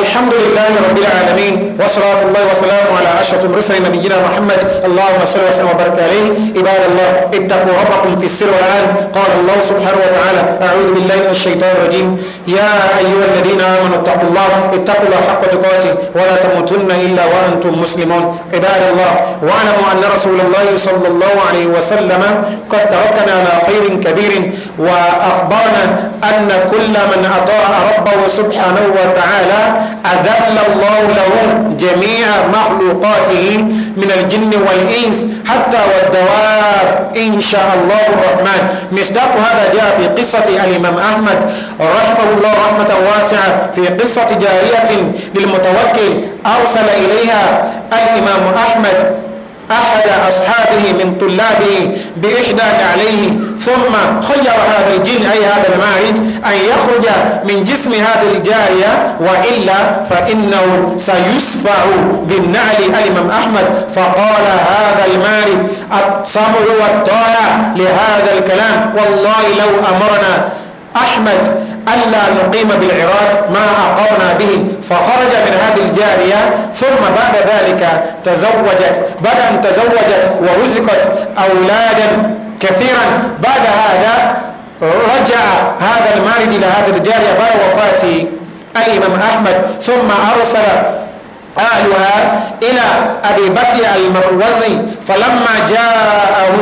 الحمد لله رب العالمين وصلاة الله وسلامه على أشرف المرسل نبينا محمد اللهم صل وسلم وبارك عليه عباد الله اتقوا ربكم في السر والآن قال الله سبحانه وتعالى أعوذ بالله من الشيطان الرجيم يا أيها الذين آمنوا اتقوا الله اتقوا الله حق تقاته ولا تموتن إلا وأنتم مسلمون عباد الله واعلموا أن رسول الله صلى الله عليه وسلم قد تركنا على خير كبير وأخبرنا أن كل من أطاع ربه سبحانه وتعالى أذل الله له جميع مخلوقاته من الجن والإنس حتى والدواب إن شاء الله الرحمن مصداق هذا جاء في قصة الإمام أحمد رحمه الله رحمة واسعة في قصة جارية للمتوكل أرسل إليها الإمام أحمد أحد أصحابه من طلابه بإحدى عليه ثم خير هذا الجن أي هذا المارد أن يخرج من جسم هذه الجارية وإلا فإنه سيسفع بالنعل الإمام أحمد فقال هذا المارد الصبر والطاعة لهذا الكلام والله لو أمرنا أحمد ألا نقيم بالعراق ما أقرنا به فخرج من هذه الجارية ثم بعد ذلك تزوجت بعد أن تزوجت ورزقت أولادا كثيرا بعد هذا رجع هذا المارد إلى هذه الجارية بعد وفاة الإمام أحمد ثم أرسل أهلها إلى أبي بكر المروزي فلما جاءه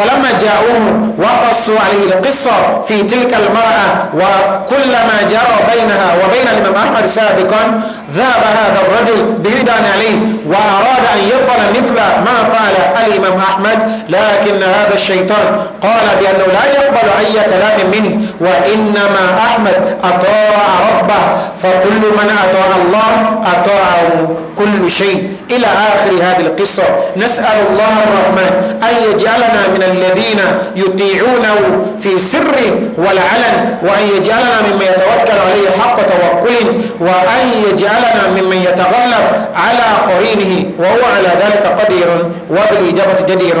فلما جاءوه وقصوا عليه القصة في تلك المرأة وكل ما جرى بينها وبين الإمام أحمد سابقا ذهب هذا الرجل بعيدا عليه وأراد أن يفعل مثل ما فعل الإمام أحمد لكن هذا الشيطان قال بأنه لا يقبل أي كلام منه وإنما أحمد أطاع ربه فكل من أطاع الله أطاعه كل شيء إلى آخر هذه القصة نسأل الله الرحمن أن يجعلنا من الذين يطيعونه في سر والعلن وأن يجعلنا ممن يتوكل عليه حق توكل وأن يجعلنا ممن يتغلب على قرينه وهو على ذلك قدير وبالإجابة جدير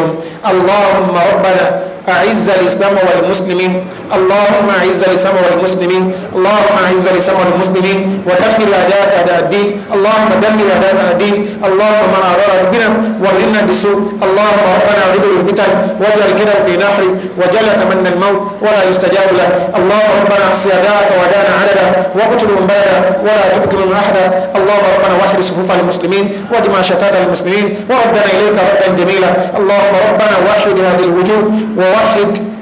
اللهم ربنا أعز الإسلام والمسلمين اللهم أعز الإسلام والمسلمين اللهم أعز الإسلام والمسلمين ودمر أعداءك أعداء الدين اللهم دمر أعداء الدين اللهم من أراد بنا ورنا بسوء اللهم ربنا أرد الفتن واجعل كده في نحر وجل تمنى الموت ولا يستجاب له اللهم ربنا أحصي أعداءك ودانا عددا واقتلهم بلدا ولا من أحدا اللهم ربنا وحد صفوف المسلمين واجمع شتات المسلمين وردنا إليك ربا جميلا اللهم ربنا وحد هذه الوجوه ووحد واحد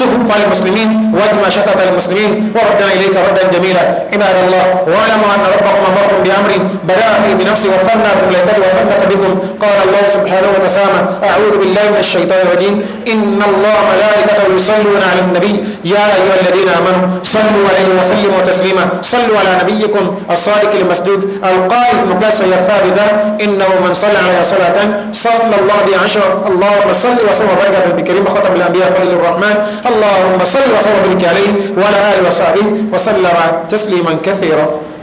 سفوف المسلمين واجمع شتت المسلمين وردنا إليك ردا جميلا عباد الله واعلموا أن ربكم أمركم بأمر بدأ فيه بنفسي وفنى بالعباد وفنى بكم قال الله سبحانه وتسامى أعوذ بالله من الشيطان الرجيم إن الله ملائكته يصلون على النبي يا أيها الذين آمنوا صلوا عليه وسلموا تسليما صلوا على نبيكم الصادق المسدود القائد مقاسا الثابتة إنه من صلى عليه صلاة صلى الله بعشر اللهم صل وسلم وبارك على النبي الكريم الأنبياء خليل الرحمن اللهم صل وسلم بك عليه وعلى آله وصحبه وسلم تسليما كثيرا